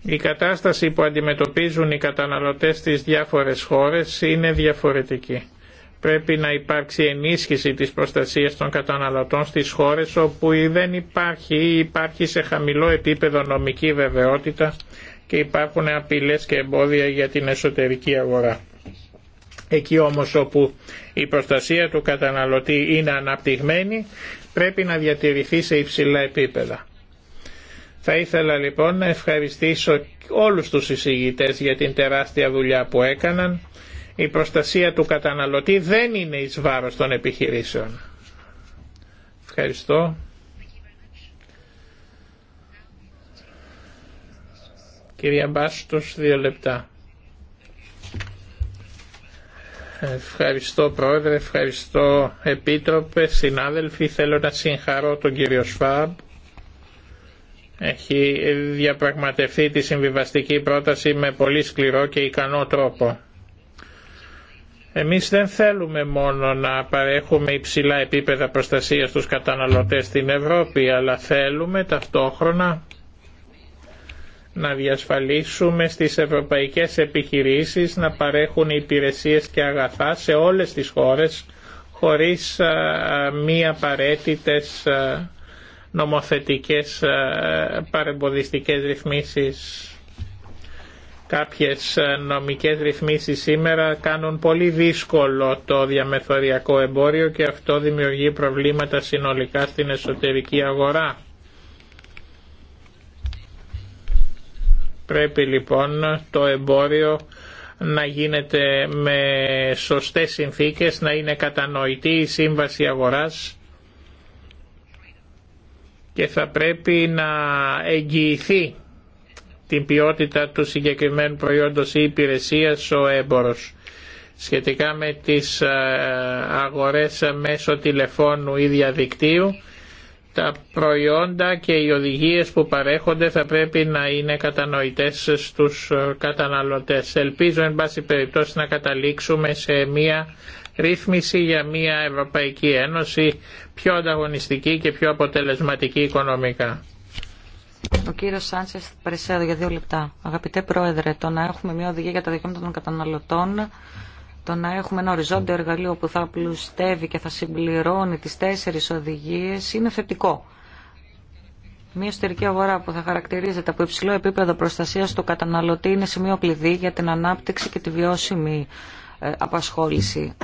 Η κατάσταση που αντιμετωπίζουν οι καταναλωτές στις διάφορες χώρες είναι διαφορετική. Πρέπει να υπάρξει ενίσχυση της προστασίας των καταναλωτών στις χώρες όπου δεν υπάρχει ή υπάρχει σε χαμηλό επίπεδο νομική βεβαιότητα και υπάρχουν απειλές και εμπόδια για την εσωτερική αγορά. Εκεί όμως όπου η προστασία του καταναλωτή είναι αναπτυγμένη πρέπει να διατηρηθεί σε υψηλά επίπεδα. Θα ήθελα λοιπόν να ευχαριστήσω όλους τους εισηγητές για την τεράστια δουλειά που έκαναν. Η προστασία του καταναλωτή δεν είναι εις βάρος των επιχειρήσεων. Ευχαριστώ. Κυρία Μπάστος, δύο λεπτά. Ευχαριστώ Πρόεδρε, ευχαριστώ Επίτροπε, συνάδελφοι. Θέλω να συγχαρώ τον κύριο Σφάμπ. Έχει διαπραγματευτεί τη συμβιβαστική πρόταση με πολύ σκληρό και ικανό τρόπο. Εμείς δεν θέλουμε μόνο να παρέχουμε υψηλά επίπεδα προστασίας στους καταναλωτές στην Ευρώπη, αλλά θέλουμε ταυτόχρονα να διασφαλίσουμε στις ευρωπαϊκές επιχειρήσεις να παρέχουν υπηρεσίες και αγαθά σε όλες τις χώρες χωρίς μη απαραίτητες νομοθετικές παρεμποδιστικές ρυθμίσεις. Κάποιες νομικές ρυθμίσεις σήμερα κάνουν πολύ δύσκολο το διαμεθοριακό εμπόριο και αυτό δημιουργεί προβλήματα συνολικά στην εσωτερική αγορά Πρέπει λοιπόν το εμπόριο να γίνεται με σωστές συνθήκες, να είναι κατανοητή η σύμβαση αγοράς και θα πρέπει να εγγυηθεί την ποιότητα του συγκεκριμένου προϊόντος ή υπηρεσίας ο έμπορος. Σχετικά με τις ε, αγορές μέσω τηλεφώνου ή διαδικτύου, τα προϊόντα και οι οδηγίες που παρέχονται θα πρέπει να είναι κατανοητές στους ε, καταναλωτές. Ελπίζω εν πάση περιπτώσει να καταλήξουμε σε μια ρύθμιση για μια Ευρωπαϊκή Ένωση πιο ανταγωνιστική και πιο αποτελεσματική οικονομικά. Ο κύριο Σάντσε Περισσέδο για δύο λεπτά. Αγαπητέ Πρόεδρε, το να έχουμε μια οδηγία για τα δικαιώματα των καταναλωτών το να έχουμε ένα οριζόντιο εργαλείο που θα πλουστεύει και θα συμπληρώνει τις τέσσερις οδηγίες είναι θετικό. Μια εσωτερική αγορά που θα χαρακτηρίζεται από υψηλό επίπεδο προστασίας του καταναλωτή είναι σημείο κλειδί για την ανάπτυξη και τη βιώσιμη ε, απασχόληση.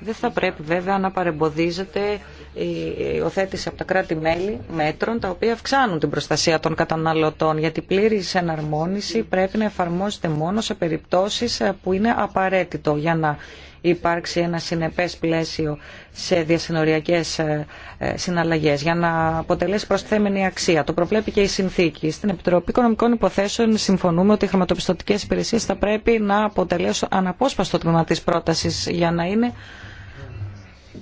Δεν θα πρέπει βέβαια να παρεμποδίζεται η υιοθέτηση από τα κράτη-μέλη μέτρων τα οποία αυξάνουν την προστασία των καταναλωτών γιατί πλήρη εναρμόνιση πρέπει να εφαρμόζεται μόνο σε περιπτώσεις ε, που είναι απαραίτητο για να υπάρξει ένα συνεπές πλαίσιο σε διασυνοριακές ε, ε, συναλλαγές για να αποτελέσει προσθέμενη αξία. Το προβλέπει και η συνθήκη. Στην Επιτροπή Οικονομικών Υποθέσεων συμφωνούμε ότι οι χρηματοπιστωτικές υπηρεσίες θα πρέπει να αποτελέσουν αναπόσπαστο τμήμα της πρότασης για να είναι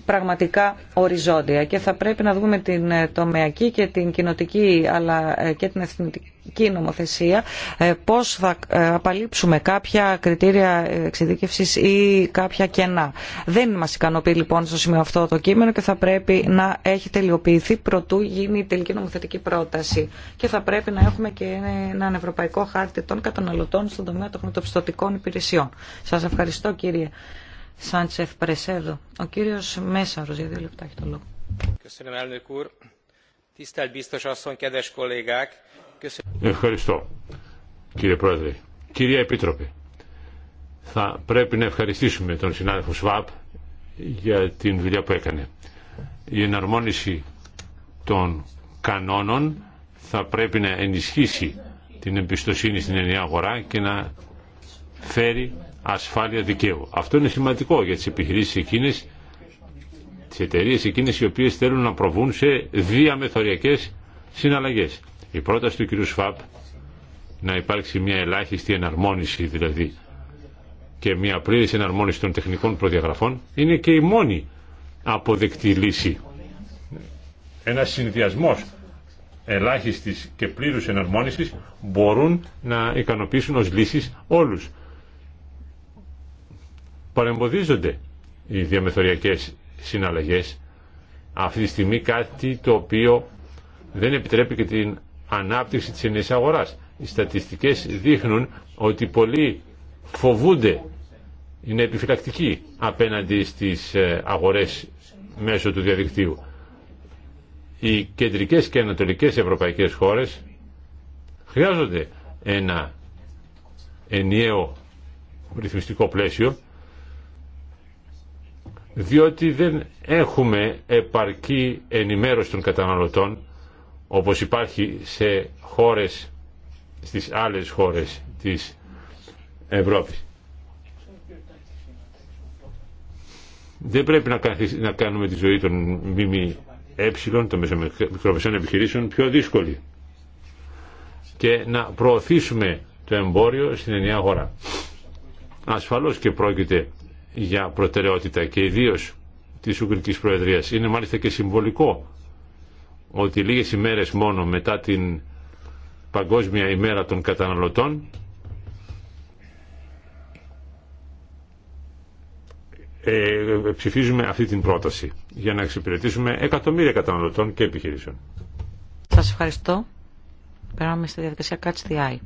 πραγματικά οριζόντια και θα πρέπει να δούμε την ε, τομεακή και την κοινοτική αλλά ε, και την εθνική νομοθεσία ε, πώς θα απαλείψουμε κάποια κριτήρια εξειδίκευσης ή κάποια κενά. Δεν μας ικανοποιεί λοιπόν στο σημείο αυτό το κείμενο και θα πρέπει να έχει τελειοποιηθεί προτού γίνει η τελική νομοθετική πρόταση και θα πρέπει να έχουμε και έναν ευρωπαϊκό χάρτη των καταναλωτών στον τομέα των χρηματοπιστωτικών υπηρεσιών. Σας ευχαριστώ κύριε Σάντσεφ Πρεσέδο. Ο κύριος Μέσαρος, για δύο λεπτά έχει το λόγο. Ευχαριστώ, κύριε Πρόεδρε. Κυρία Επίτροπε, θα πρέπει να ευχαριστήσουμε τον συνάδελφο ΣΒΑΠ για την δουλειά που έκανε. Η εναρμόνιση των κανόνων θα πρέπει να ενισχύσει την εμπιστοσύνη στην ενιαία αγορά και να φέρει ασφάλεια δικαίου. Αυτό είναι σημαντικό για τις επιχειρήσεις εκείνες, τις εταιρείες εκείνες οι οποίες θέλουν να προβούν σε διαμεθοριακές συναλλαγές. Η πρόταση του κ. Σφάπ να υπάρξει μια ελάχιστη εναρμόνιση δηλαδή και μια πλήρη εναρμόνιση των τεχνικών προδιαγραφών είναι και η μόνη αποδεκτή λύση. Ένα συνδυασμό ελάχιστη και πλήρου εναρμόνισης μπορούν να ικανοποιήσουν ω λύσει όλου παρεμποδίζονται οι διαμεθοριακές συναλλαγές αυτή τη στιγμή κάτι το οποίο δεν επιτρέπει και την ανάπτυξη της ενιαίας αγοράς. Οι στατιστικές δείχνουν ότι πολλοί φοβούνται, είναι επιφυλακτικοί απέναντι στις ε, αγορές μέσω του διαδικτύου. Οι κεντρικές και ανατολικές ευρωπαϊκές χώρες χρειάζονται ένα ενιαίο ρυθμιστικό πλαίσιο διότι δεν έχουμε επαρκή ενημέρωση των καταναλωτών όπως υπάρχει σε χώρες, στις άλλες χώρες της Ευρώπης. Δεν πρέπει να κάνουμε τη ζωή των ΜΜΕ, των μικρομεσαίων επιχειρήσεων, πιο δύσκολη και να προωθήσουμε το εμπόριο στην ενιαία αγορά. Ασφαλώς και πρόκειται για προτεραιότητα και ιδίω τη Ουγγρικής Προεδρίας. Είναι μάλιστα και συμβολικό ότι λίγες ημέρες μόνο μετά την Παγκόσμια ημέρα των καταναλωτών ε, ψηφίζουμε αυτή την πρόταση για να εξυπηρετήσουμε εκατομμύρια καταναλωτών και επιχειρήσεων. Σας ευχαριστώ. Περάμε στη διαδικασία Catch the Eye.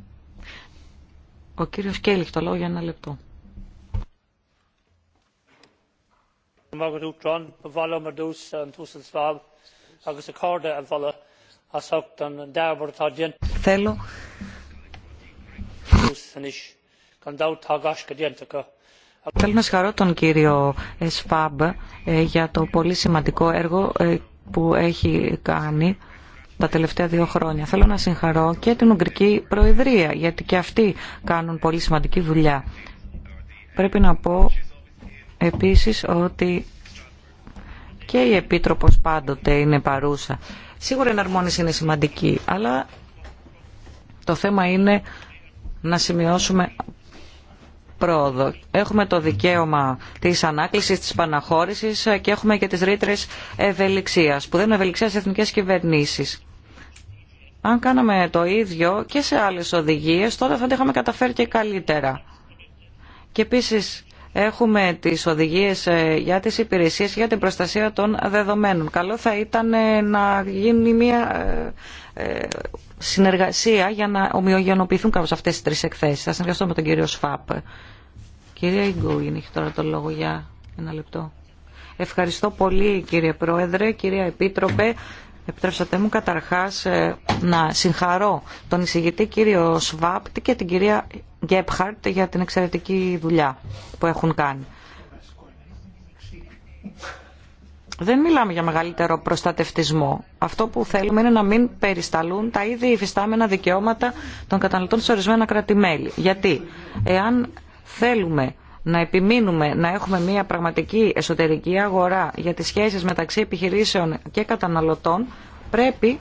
Ο κύριος Κέλλη, το λόγο για ένα λεπτό. Θέλω. Θέλω να συγχαρώ τον κύριο Σφάμπ για το πολύ σημαντικό έργο που έχει κάνει τα τελευταία δύο χρόνια. Θέλω να συγχαρώ και την Ουγγρική Προεδρία, γιατί και αυτοί κάνουν πολύ σημαντική δουλειά. Πρέπει να πω επίσης ότι και η Επίτροπος πάντοτε είναι παρούσα. Σίγουρα η εναρμόνιση είναι σημαντική, αλλά το θέμα είναι να σημειώσουμε πρόοδο. Έχουμε το δικαίωμα της ανάκλησης, της παναχώρησης και έχουμε και τις ρήτρε ευελιξίας, που δεν είναι ευελιξία στις εθνικές κυβερνήσεις. Αν κάναμε το ίδιο και σε άλλες οδηγίες, τότε θα το είχαμε καταφέρει και καλύτερα. Και επίσης Έχουμε τις οδηγίες ε, για τις υπηρεσίες για την προστασία των δεδομένων. Καλό θα ήταν ε, να γίνει μια ε, συνεργασία για να ομοιογενοποιηθούν κάπως αυτές οι τρεις εκθέσεις. Θα συνεργαστώ με τον κύριο Σφάπ. Κυρία Ιγκούγιν, έχει τώρα το λόγο για ένα λεπτό. Ευχαριστώ πολύ κύριε Πρόεδρε, κυρία Επίτροπε. Επιτρέψατε μου καταρχάς ε, να συγχαρώ τον εισηγητή κύριο Σβάπτη και την κυρία Γκέπχαρτ για την εξαιρετική δουλειά που έχουν κάνει. Δεν μιλάμε για μεγαλύτερο προστατευτισμό. Αυτό που θέλουμε είναι να μην περισταλούν τα ήδη υφιστάμενα δικαιώματα των καταναλωτών σε ορισμένα Γιατί εάν θέλουμε να επιμείνουμε να έχουμε μια πραγματική εσωτερική αγορά για τις σχέσεις μεταξύ επιχειρήσεων και καταναλωτών, πρέπει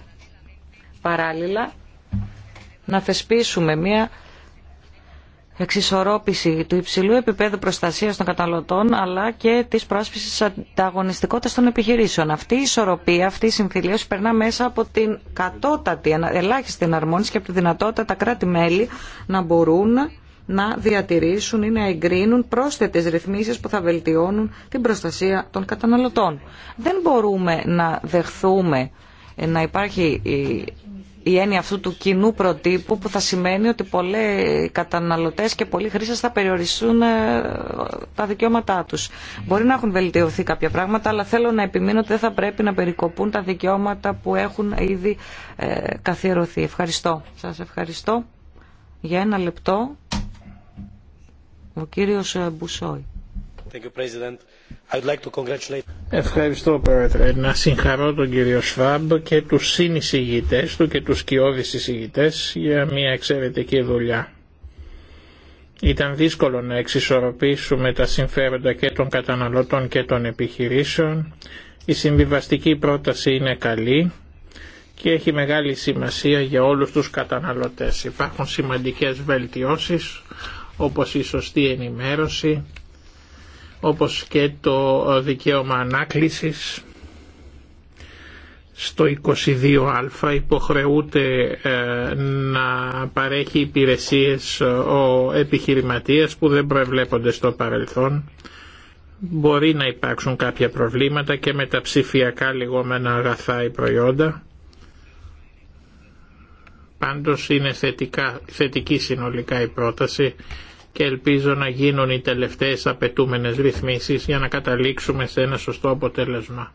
παράλληλα να θεσπίσουμε μια εξισορρόπηση του υψηλού επίπεδου προστασίας των καταναλωτών αλλά και της πρόσπισης ανταγωνιστικότητας των επιχειρήσεων. Αυτή η ισορροπία, αυτή η συμφιλίωση περνά μέσα από την κατώτατη, ελάχιστη εναρμόνιση και από τη δυνατότητα τα κράτη-μέλη να μπορούν να διατηρήσουν ή να εγκρίνουν πρόσθετες ρυθμίσεις που θα βελτιώνουν την προστασία των καταναλωτών. Δεν μπορούμε να δεχθούμε ε, να υπάρχει η έννοια αυτού του κοινού προτύπου που θα σημαίνει ότι πολλοί καταναλωτές και πολλοί χρήστες θα περιοριστούν ε, τα δικαιώματά τους. Μπορεί να έχουν βελτιωθεί κάποια πράγματα, αλλά θέλω να επιμείνω ότι δεν θα πρέπει να περικοπούν τα δικαιώματα που έχουν ήδη ε, καθιερωθεί. Ευχαριστώ. Σας ευχαριστώ. Για ένα λεπτό, ο κύριος ε, Μπουσόη. Ευχαριστώ Πρόεδρε. Να συγχαρώ τον κύριο Σφάμπ και τους συνεισηγητές του και τους σκιώδεις εισηγητές για μια εξαιρετική δουλειά. Ήταν δύσκολο να εξισορροπήσουμε τα συμφέροντα και των καταναλωτών και των επιχειρήσεων. Η συμβιβαστική πρόταση είναι καλή και έχει μεγάλη σημασία για όλους τους καταναλωτές. Υπάρχουν σημαντικές βελτιώσεις όπως η σωστή ενημέρωση, όπως και το δικαίωμα ανάκλησης. Στο 22α υποχρεούται ε, να παρέχει υπηρεσίες ε, ο επιχειρηματίας που δεν προεβλέπονται στο παρελθόν. Μπορεί να υπάρξουν κάποια προβλήματα και με τα ψηφιακά λιγόμενα αγαθά ή προϊόντα Πάντως είναι θετικά, θετική συνολικά η πρόταση και ελπίζω να γίνουν οι τελευταίες απαιτούμενες ρυθμίσεις για να καταλήξουμε σε ένα σωστό αποτέλεσμα.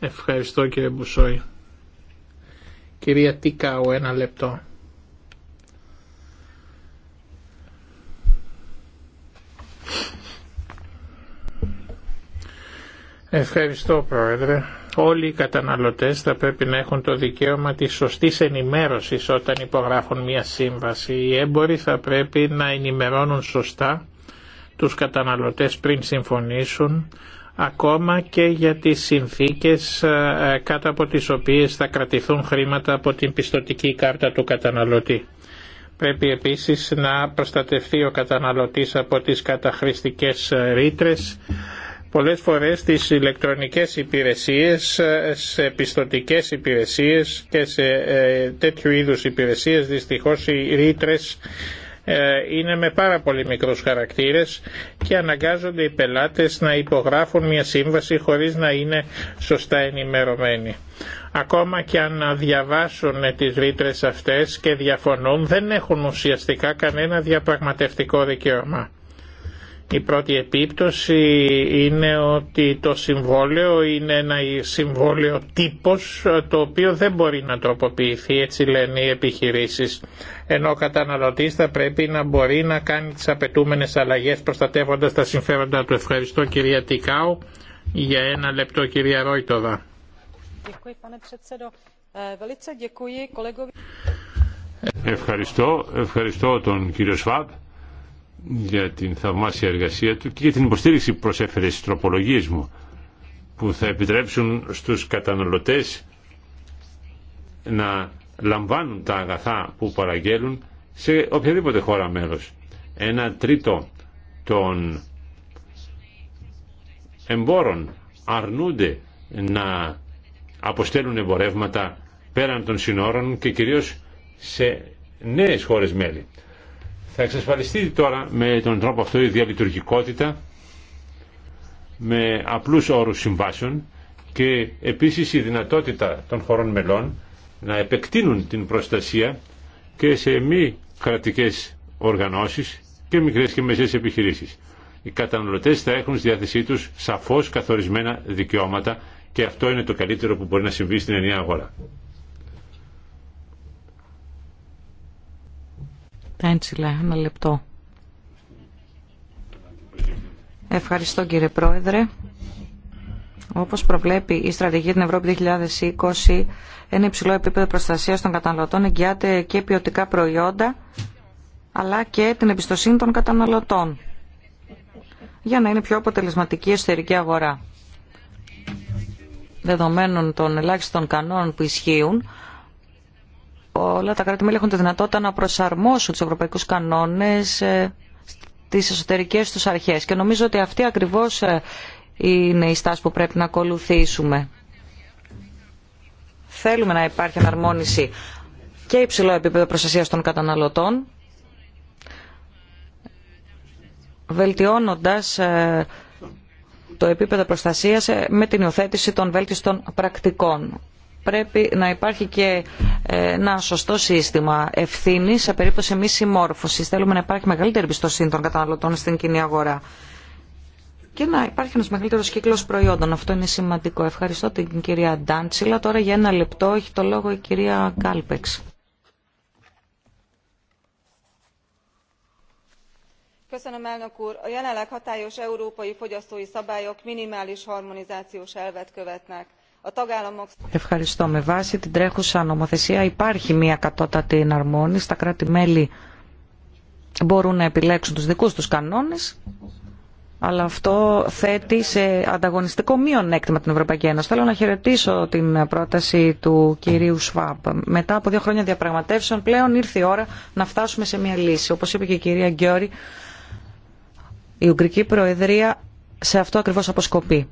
Ευχαριστώ κύριε Μπουσόη. Κυρία Τικάου, ένα λεπτό. Ευχαριστώ Πρόεδρε όλοι οι καταναλωτές θα πρέπει να έχουν το δικαίωμα της σωστής ενημέρωσης όταν υπογράφουν μια σύμβαση. Οι έμποροι θα πρέπει να ενημερώνουν σωστά τους καταναλωτές πριν συμφωνήσουν, ακόμα και για τις συνθήκες ε, κάτω από τις οποίες θα κρατηθούν χρήματα από την πιστοτική κάρτα του καταναλωτή. Πρέπει επίσης να προστατευτεί ο καταναλωτής από τις καταχρηστικές ρήτρες, Πολλές φορές τις ηλεκτρονικές υπηρεσίες, σε πιστοτικές υπηρεσίες και σε ε, τέτοιου είδους υπηρεσίες δυστυχώς οι ρήτρε ε, είναι με πάρα πολύ μικρούς χαρακτήρες και αναγκάζονται οι πελάτες να υπογράφουν μια σύμβαση χωρίς να είναι σωστά ενημερωμένοι. Ακόμα και αν διαβάσουν τις ρήτρε αυτές και διαφωνούν δεν έχουν ουσιαστικά κανένα διαπραγματευτικό δικαίωμα. Η πρώτη επίπτωση είναι ότι το συμβόλαιο είναι ένα συμβόλαιο τύπος το οποίο δεν μπορεί να τροποποιηθεί, έτσι λένε οι επιχειρήσεις. Ενώ ο καταναλωτής θα πρέπει να μπορεί να κάνει τις απαιτούμενες αλλαγές προστατεύοντας τα συμφέροντα του. Ευχαριστώ κυρία Τικάου. Για ένα λεπτό κυρία Ρόιτοβα. Ε, ευχαριστώ, ευχαριστώ τον κύριο Σφάπ για την θαυμάσια εργασία του και για την υποστήριξη που προσέφερε στις τροπολογίες μου που θα επιτρέψουν στους καταναλωτές να λαμβάνουν τα αγαθά που παραγγέλουν σε οποιαδήποτε χώρα μέλος. Ένα τρίτο των εμπόρων αρνούνται να αποστέλουν εμπορεύματα πέραν των συνόρων και κυρίως σε νέες χώρες μέλη. Θα εξασφαλιστεί τώρα με τον τρόπο αυτό η διαλειτουργικότητα με απλούς όρους συμβάσεων και επίσης η δυνατότητα των χωρών μελών να επεκτείνουν την προστασία και σε μη κρατικές οργανώσεις και μικρές και μεσαίες επιχειρήσεις. Οι καταναλωτές θα έχουν στη διάθεσή τους σαφώς καθορισμένα δικαιώματα και αυτό είναι το καλύτερο που μπορεί να συμβεί στην ενιαία αγορά. ένα λεπτό. Ευχαριστώ κύριε Πρόεδρε. Όπως προβλέπει η στρατηγική την Ευρώπη 2020, ένα υψηλό επίπεδο προστασίας των καταναλωτών εγγυάται και ποιοτικά προϊόντα, αλλά και την εμπιστοσύνη των καταναλωτών, για να είναι πιο αποτελεσματική η εσωτερική αγορά. Δεδομένων των ελάχιστων κανόνων που ισχύουν, όλα τα κράτη-μέλη έχουν τη δυνατότητα να προσαρμόσουν τους ευρωπαϊκούς κανόνες ε, τις εσωτερικές τους αρχές. Και νομίζω ότι αυτή ακριβώς ε, είναι η στάση που πρέπει να ακολουθήσουμε. Θέλουμε να υπάρχει αναρμόνιση και υψηλό επίπεδο προστασία των καταναλωτών, βελτιώνοντας ε, το επίπεδο προστασίας με την υιοθέτηση των βέλτιστων πρακτικών πρέπει να υπάρχει και ε, ένα σωστό σύστημα ευθύνη σε περίπτωση μη συμμόρφωση. Θέλουμε να υπάρχει μεγαλύτερη εμπιστοσύνη των καταναλωτών στην κοινή αγορά και να υπάρχει ένα μεγαλύτερο κύκλο προϊόντων. Αυτό είναι σημαντικό. Ευχαριστώ την κυρία Ντάντσιλα. Τώρα για ένα λεπτό έχει το λόγο η κυρία Κάλπεξ. a jelenleg hatályos európai fogyasztói szabályok minimális harmonizációs Ευχαριστώ. Με βάση την τρέχουσα νομοθεσία υπάρχει μια κατώτατη εναρμόνιση. Τα κράτη-μέλη μπορούν να επιλέξουν τους δικούς τους κανόνες, αλλά αυτό θέτει σε ανταγωνιστικό μειονέκτημα την Ευρωπαϊκή Ένωση. Θέλω να χαιρετήσω την πρόταση του κυρίου ΣΒΑΠ. Μετά από δύο χρόνια διαπραγματεύσεων πλέον ήρθε η ώρα να φτάσουμε σε μια λύση. Όπως είπε και η κυρία Γκιόρη, η Ουγγρική Προεδρία σε αυτό ακριβώς αποσκοπεί.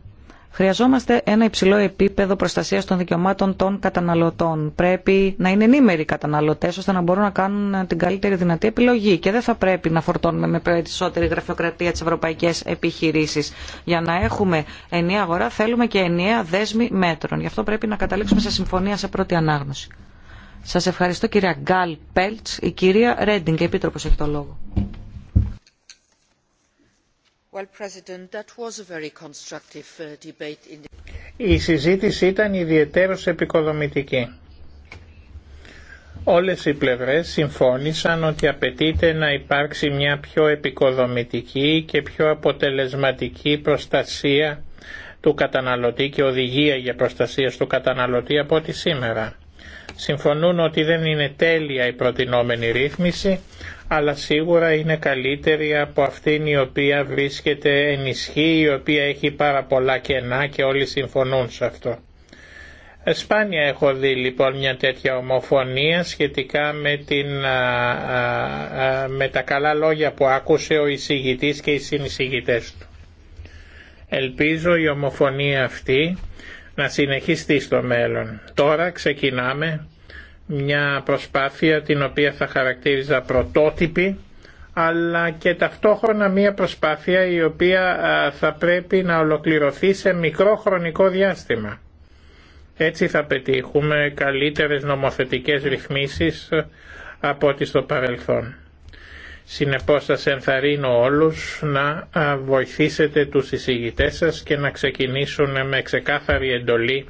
Χρειαζόμαστε ένα υψηλό επίπεδο προστασία των δικαιωμάτων των καταναλωτών. Πρέπει να είναι ενήμεροι οι καταναλωτές ώστε να μπορούν να κάνουν την καλύτερη δυνατή επιλογή και δεν θα πρέπει να φορτώνουμε με περισσότερη γραφειοκρατία τι ευρωπαϊκέ επιχειρήσει. Για να έχουμε ενιαία αγορά θέλουμε και ενιαία δέσμη μέτρων. Γι' αυτό πρέπει να καταλήξουμε σε συμφωνία σε πρώτη ανάγνωση. Σα ευχαριστώ κυρία Γκάλ Πελτ, η κυρία Ρέντινγκ, Επίτροπο έχει το λόγο. Uh, Η συζήτηση ήταν ιδιαίτερως επικοδομητική. Όλες οι πλευρές συμφώνησαν ότι απαιτείται να υπάρξει μια πιο επικοδομητική και πιο αποτελεσματική προστασία του καταναλωτή και οδηγία για προστασία του καταναλωτή από ό,τι σήμερα συμφωνούν ότι δεν είναι τέλεια η προτινόμενη ρύθμιση, αλλά σίγουρα είναι καλύτερη από αυτήν η οποία βρίσκεται ισχύ η οποία έχει πάρα πολλά κενά και όλοι συμφωνούν σε αυτό. Ε, σπάνια έχω δει λοιπόν μια τέτοια ομοφωνία σχετικά με, την, με τα καλά λόγια που άκουσε ο εισηγητής και οι συνεισηγητές του. Ελπίζω η ομοφωνία αυτή να συνεχιστεί στο μέλλον. Τώρα ξεκινάμε μια προσπάθεια την οποία θα χαρακτήριζα πρωτότυπη αλλά και ταυτόχρονα μια προσπάθεια η οποία θα πρέπει να ολοκληρωθεί σε μικρό χρονικό διάστημα. Έτσι θα πετύχουμε καλύτερες νομοθετικές ρυθμίσεις από ό,τι στο παρελθόν. Συνεπώς σας ενθαρρύνω όλους να βοηθήσετε τους εισηγητές σας και να ξεκινήσουν με ξεκάθαρη εντολή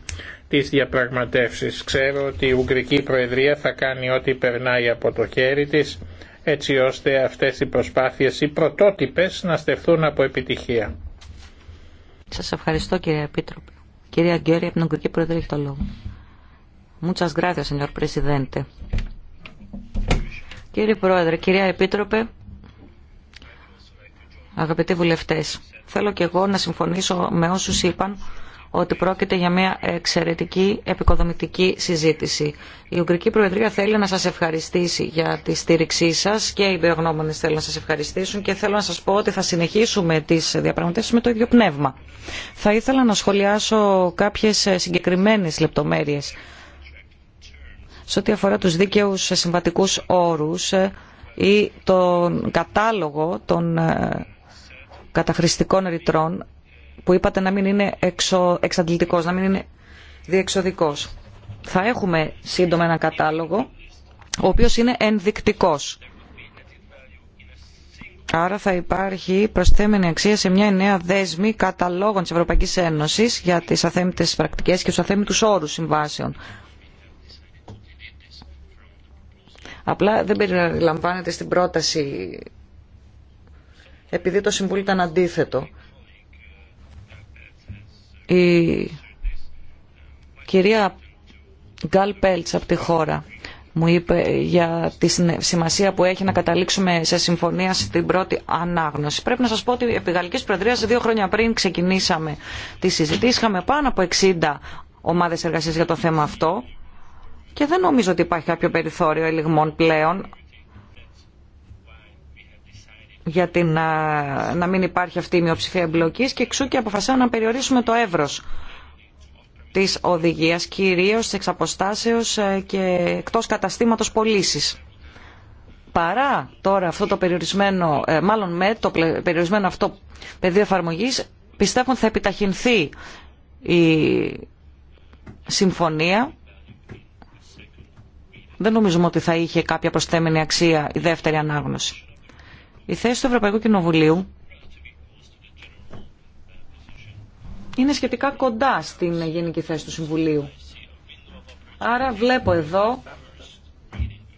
τις διαπραγματεύσεις. Ξέρω ότι η Ουγγρική Προεδρία θα κάνει ό,τι περνάει από το χέρι της έτσι ώστε αυτές οι προσπάθειες, οι πρωτότυπες, να στεφθούν από επιτυχία. Σας ευχαριστώ κύριε Επίτροπε. Κύριε Αγγέρη, από την Ουγγρική Προεδρία έχει το λόγο. Κύριε Πρόεδρε, κυρία Επίτροπε, αγαπητοί βουλευτές, θέλω και εγώ να συμφωνήσω με όσους είπαν ότι πρόκειται για μια εξαιρετική επικοδομητική συζήτηση. Η Ουγγρική Προεδρία θέλει να σας ευχαριστήσει για τη στήριξή σας και οι υπερογνώμονες θέλουν να σας ευχαριστήσουν και θέλω να σας πω ότι θα συνεχίσουμε τις διαπραγματεύσεις με το ίδιο πνεύμα. Θα ήθελα να σχολιάσω κάποιες συγκεκριμένες λεπτομέρειες σε ό,τι αφορά τους δίκαιους συμβατικούς όρους ε, ή τον κατάλογο των ε, καταχρηστικών ρητρών που είπατε να μην είναι εξο, εξαντλητικός, να μην είναι διεξοδικός. Θα έχουμε σύντομα ένα κατάλογο, ο οποίος είναι ενδεικτικός. Άρα θα υπάρχει προσθέμενη αξία σε μια νέα δέσμη καταλόγων της Ευρωπαϊκής Ένωσης για τις αθέμητες πρακτικές και τους αθέμητους όρους συμβάσεων. Απλά δεν περιλαμβάνεται στην πρόταση επειδή το Συμβούλιο ήταν αντίθετο. Η κυρία Γκάλ Πέλτς από τη χώρα μου είπε για τη σημασία που έχει να καταλήξουμε σε συμφωνία στην πρώτη ανάγνωση. Πρέπει να σας πω ότι επί Γαλλικής Προεδρίας δύο χρόνια πριν ξεκινήσαμε τη συζήτηση. Είχαμε πάνω από 60 ομάδες εργασίας για το θέμα αυτό και δεν νομίζω ότι υπάρχει κάποιο περιθώριο ελιγμών πλέον για να, να μην υπάρχει αυτή η μειοψηφία εμπλοκή και εξού και αποφασίσαμε να περιορίσουμε το εύρο της οδηγίας, κυρίω εξ εξαποστάσεω ε, και εκτό καταστήματος πωλήσει. Παρά τώρα αυτό το περιορισμένο, ε, μάλλον με το περιορισμένο αυτό πεδίο εφαρμογή, πιστεύω ότι θα επιταχυνθεί η συμφωνία δεν νομίζουμε ότι θα είχε κάποια προσθέμενη αξία η δεύτερη ανάγνωση. Η θέση του Ευρωπαϊκού Κοινοβουλίου είναι σχετικά κοντά στην γενική θέση του Συμβουλίου. Άρα βλέπω εδώ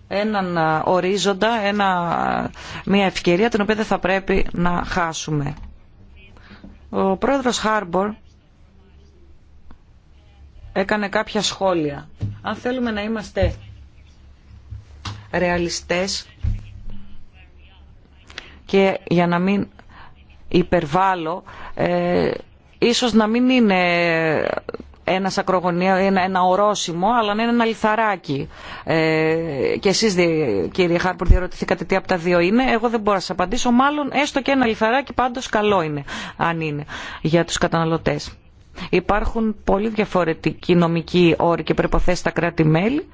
έναν ορίζοντα, ένα, μια ευκαιρία την οποία δεν θα πρέπει να χάσουμε. Ο πρόεδρος Χάρμπορ έκανε κάποια σχόλια. Αν θέλουμε να είμαστε ρεαλιστές και για να μην υπερβάλλω, ε, ίσως να μην είναι ένα ακρογωνία, ένα, ένα ορόσημο, αλλά να είναι ένα λιθαράκι. Ε, και εσείς κύριε Χάρπορ διερωτηθήκατε τι από τα δύο είναι. Εγώ δεν μπορώ να σας απαντήσω. Μάλλον έστω και ένα λιθαράκι πάντως καλό είναι, αν είναι, για τους καταναλωτές. Υπάρχουν πολύ διαφορετικοί νομικοί όροι και προποθέσει στα κράτη-μέλη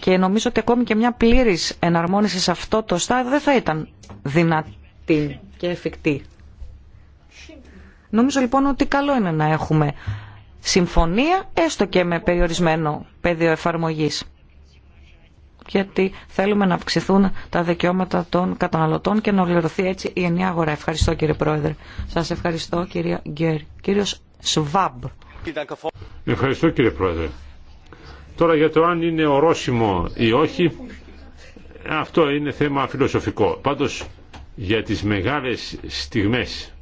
και νομίζω ότι ακόμη και μια πλήρης εναρμόνιση σε αυτό το στάδιο δεν θα ήταν δυνατή και εφικτή. Νομίζω λοιπόν ότι καλό είναι να έχουμε συμφωνία, έστω και με περιορισμένο πεδίο εφαρμογής. Γιατί θέλουμε να αυξηθούν τα δικαιώματα των καταναλωτών και να ολοκληρωθεί έτσι η ενιαία αγορά. Ευχαριστώ κύριε Πρόεδρε. Σας ευχαριστώ κυρία Γκέρ. Κύριος Σβάμπ. Ευχαριστώ κύριε Πρόεδρε. Τώρα για το αν είναι ορόσημο ή όχι, αυτό είναι θέμα φιλοσοφικό. Πάντως για τις μεγάλες στιγμές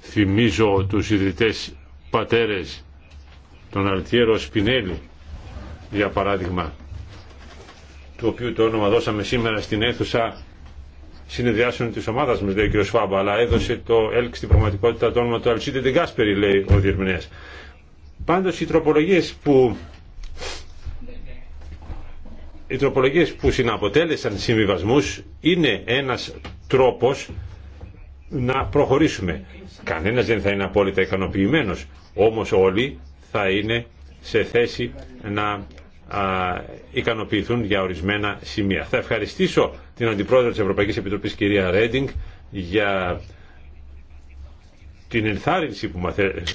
θυμίζω τους ιδρυτές πατέρες τον Αλτιέρο Σπινέλη για παράδειγμα του οποίου το όνομα δώσαμε σήμερα στην αίθουσα συνεδριάσεων της ομάδας μας λέει ο κ. Σφάμπα αλλά έδωσε το ΕΛΚ στην πραγματικότητα το όνομα του Αλσίτε Τεγκάσπερη λέει ο Διερμηνέας Πάντως οι τροπολογίες που οι τροπολογίες που συναποτέλεσαν συμβιβασμούς είναι ένας τρόπος να προχωρήσουμε. Κανένας δεν θα είναι απόλυτα ικανοποιημένος, όμως όλοι θα είναι σε θέση να ικανοποιηθούν για ορισμένα σημεία. Θα ευχαριστήσω την Αντιπρόεδρο της Ευρωπαϊκής Επιτροπής κυρία Ρέντινγκ για την ενθάρρυνση που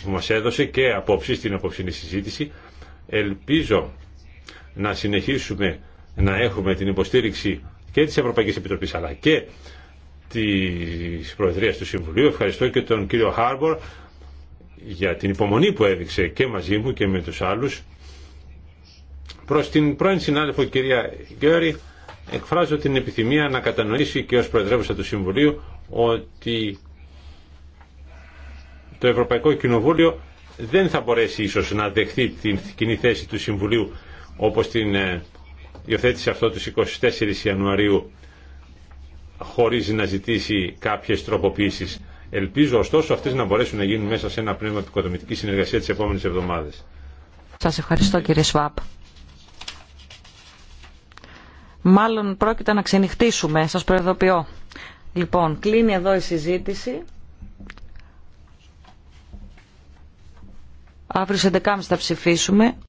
μας έδωσε και απόψη στην απόψηνή συζήτηση. Ελπίζω να συνεχίσουμε να έχουμε την υποστήριξη και της Ευρωπαϊκής Επιτροπής αλλά και της Προεδρίας του Συμβουλίου. Ευχαριστώ και τον κύριο Χάρμπορ για την υπομονή που έδειξε και μαζί μου και με τους άλλους. Προς την πρώην συνάδελφο κυρία Γκέρι εκφράζω την επιθυμία να κατανοήσει και ως Προεδρεύουσα του Συμβουλίου ότι το Ευρωπαϊκό Κοινοβούλιο δεν θα μπορέσει ίσως να δεχθεί την κοινή θέση του Συμβουλίου όπως την ε, υιοθέτησε αυτό τους 24 Ιανουαρίου χωρίς να ζητήσει κάποιες τροποποίησεις. Ελπίζω ωστόσο αυτές να μπορέσουν να γίνουν μέσα σε ένα πνεύμα επικοδομητική συνεργασία τις επόμενες εβδομάδες. Σας ευχαριστώ κύριε Σβάπ. Μάλλον πρόκειται να ξενυχτήσουμε, σας προεδοποιώ. Λοιπόν, κλείνει εδώ η συζήτηση. Αύριο στι 11.30 θα ψηφίσουμε.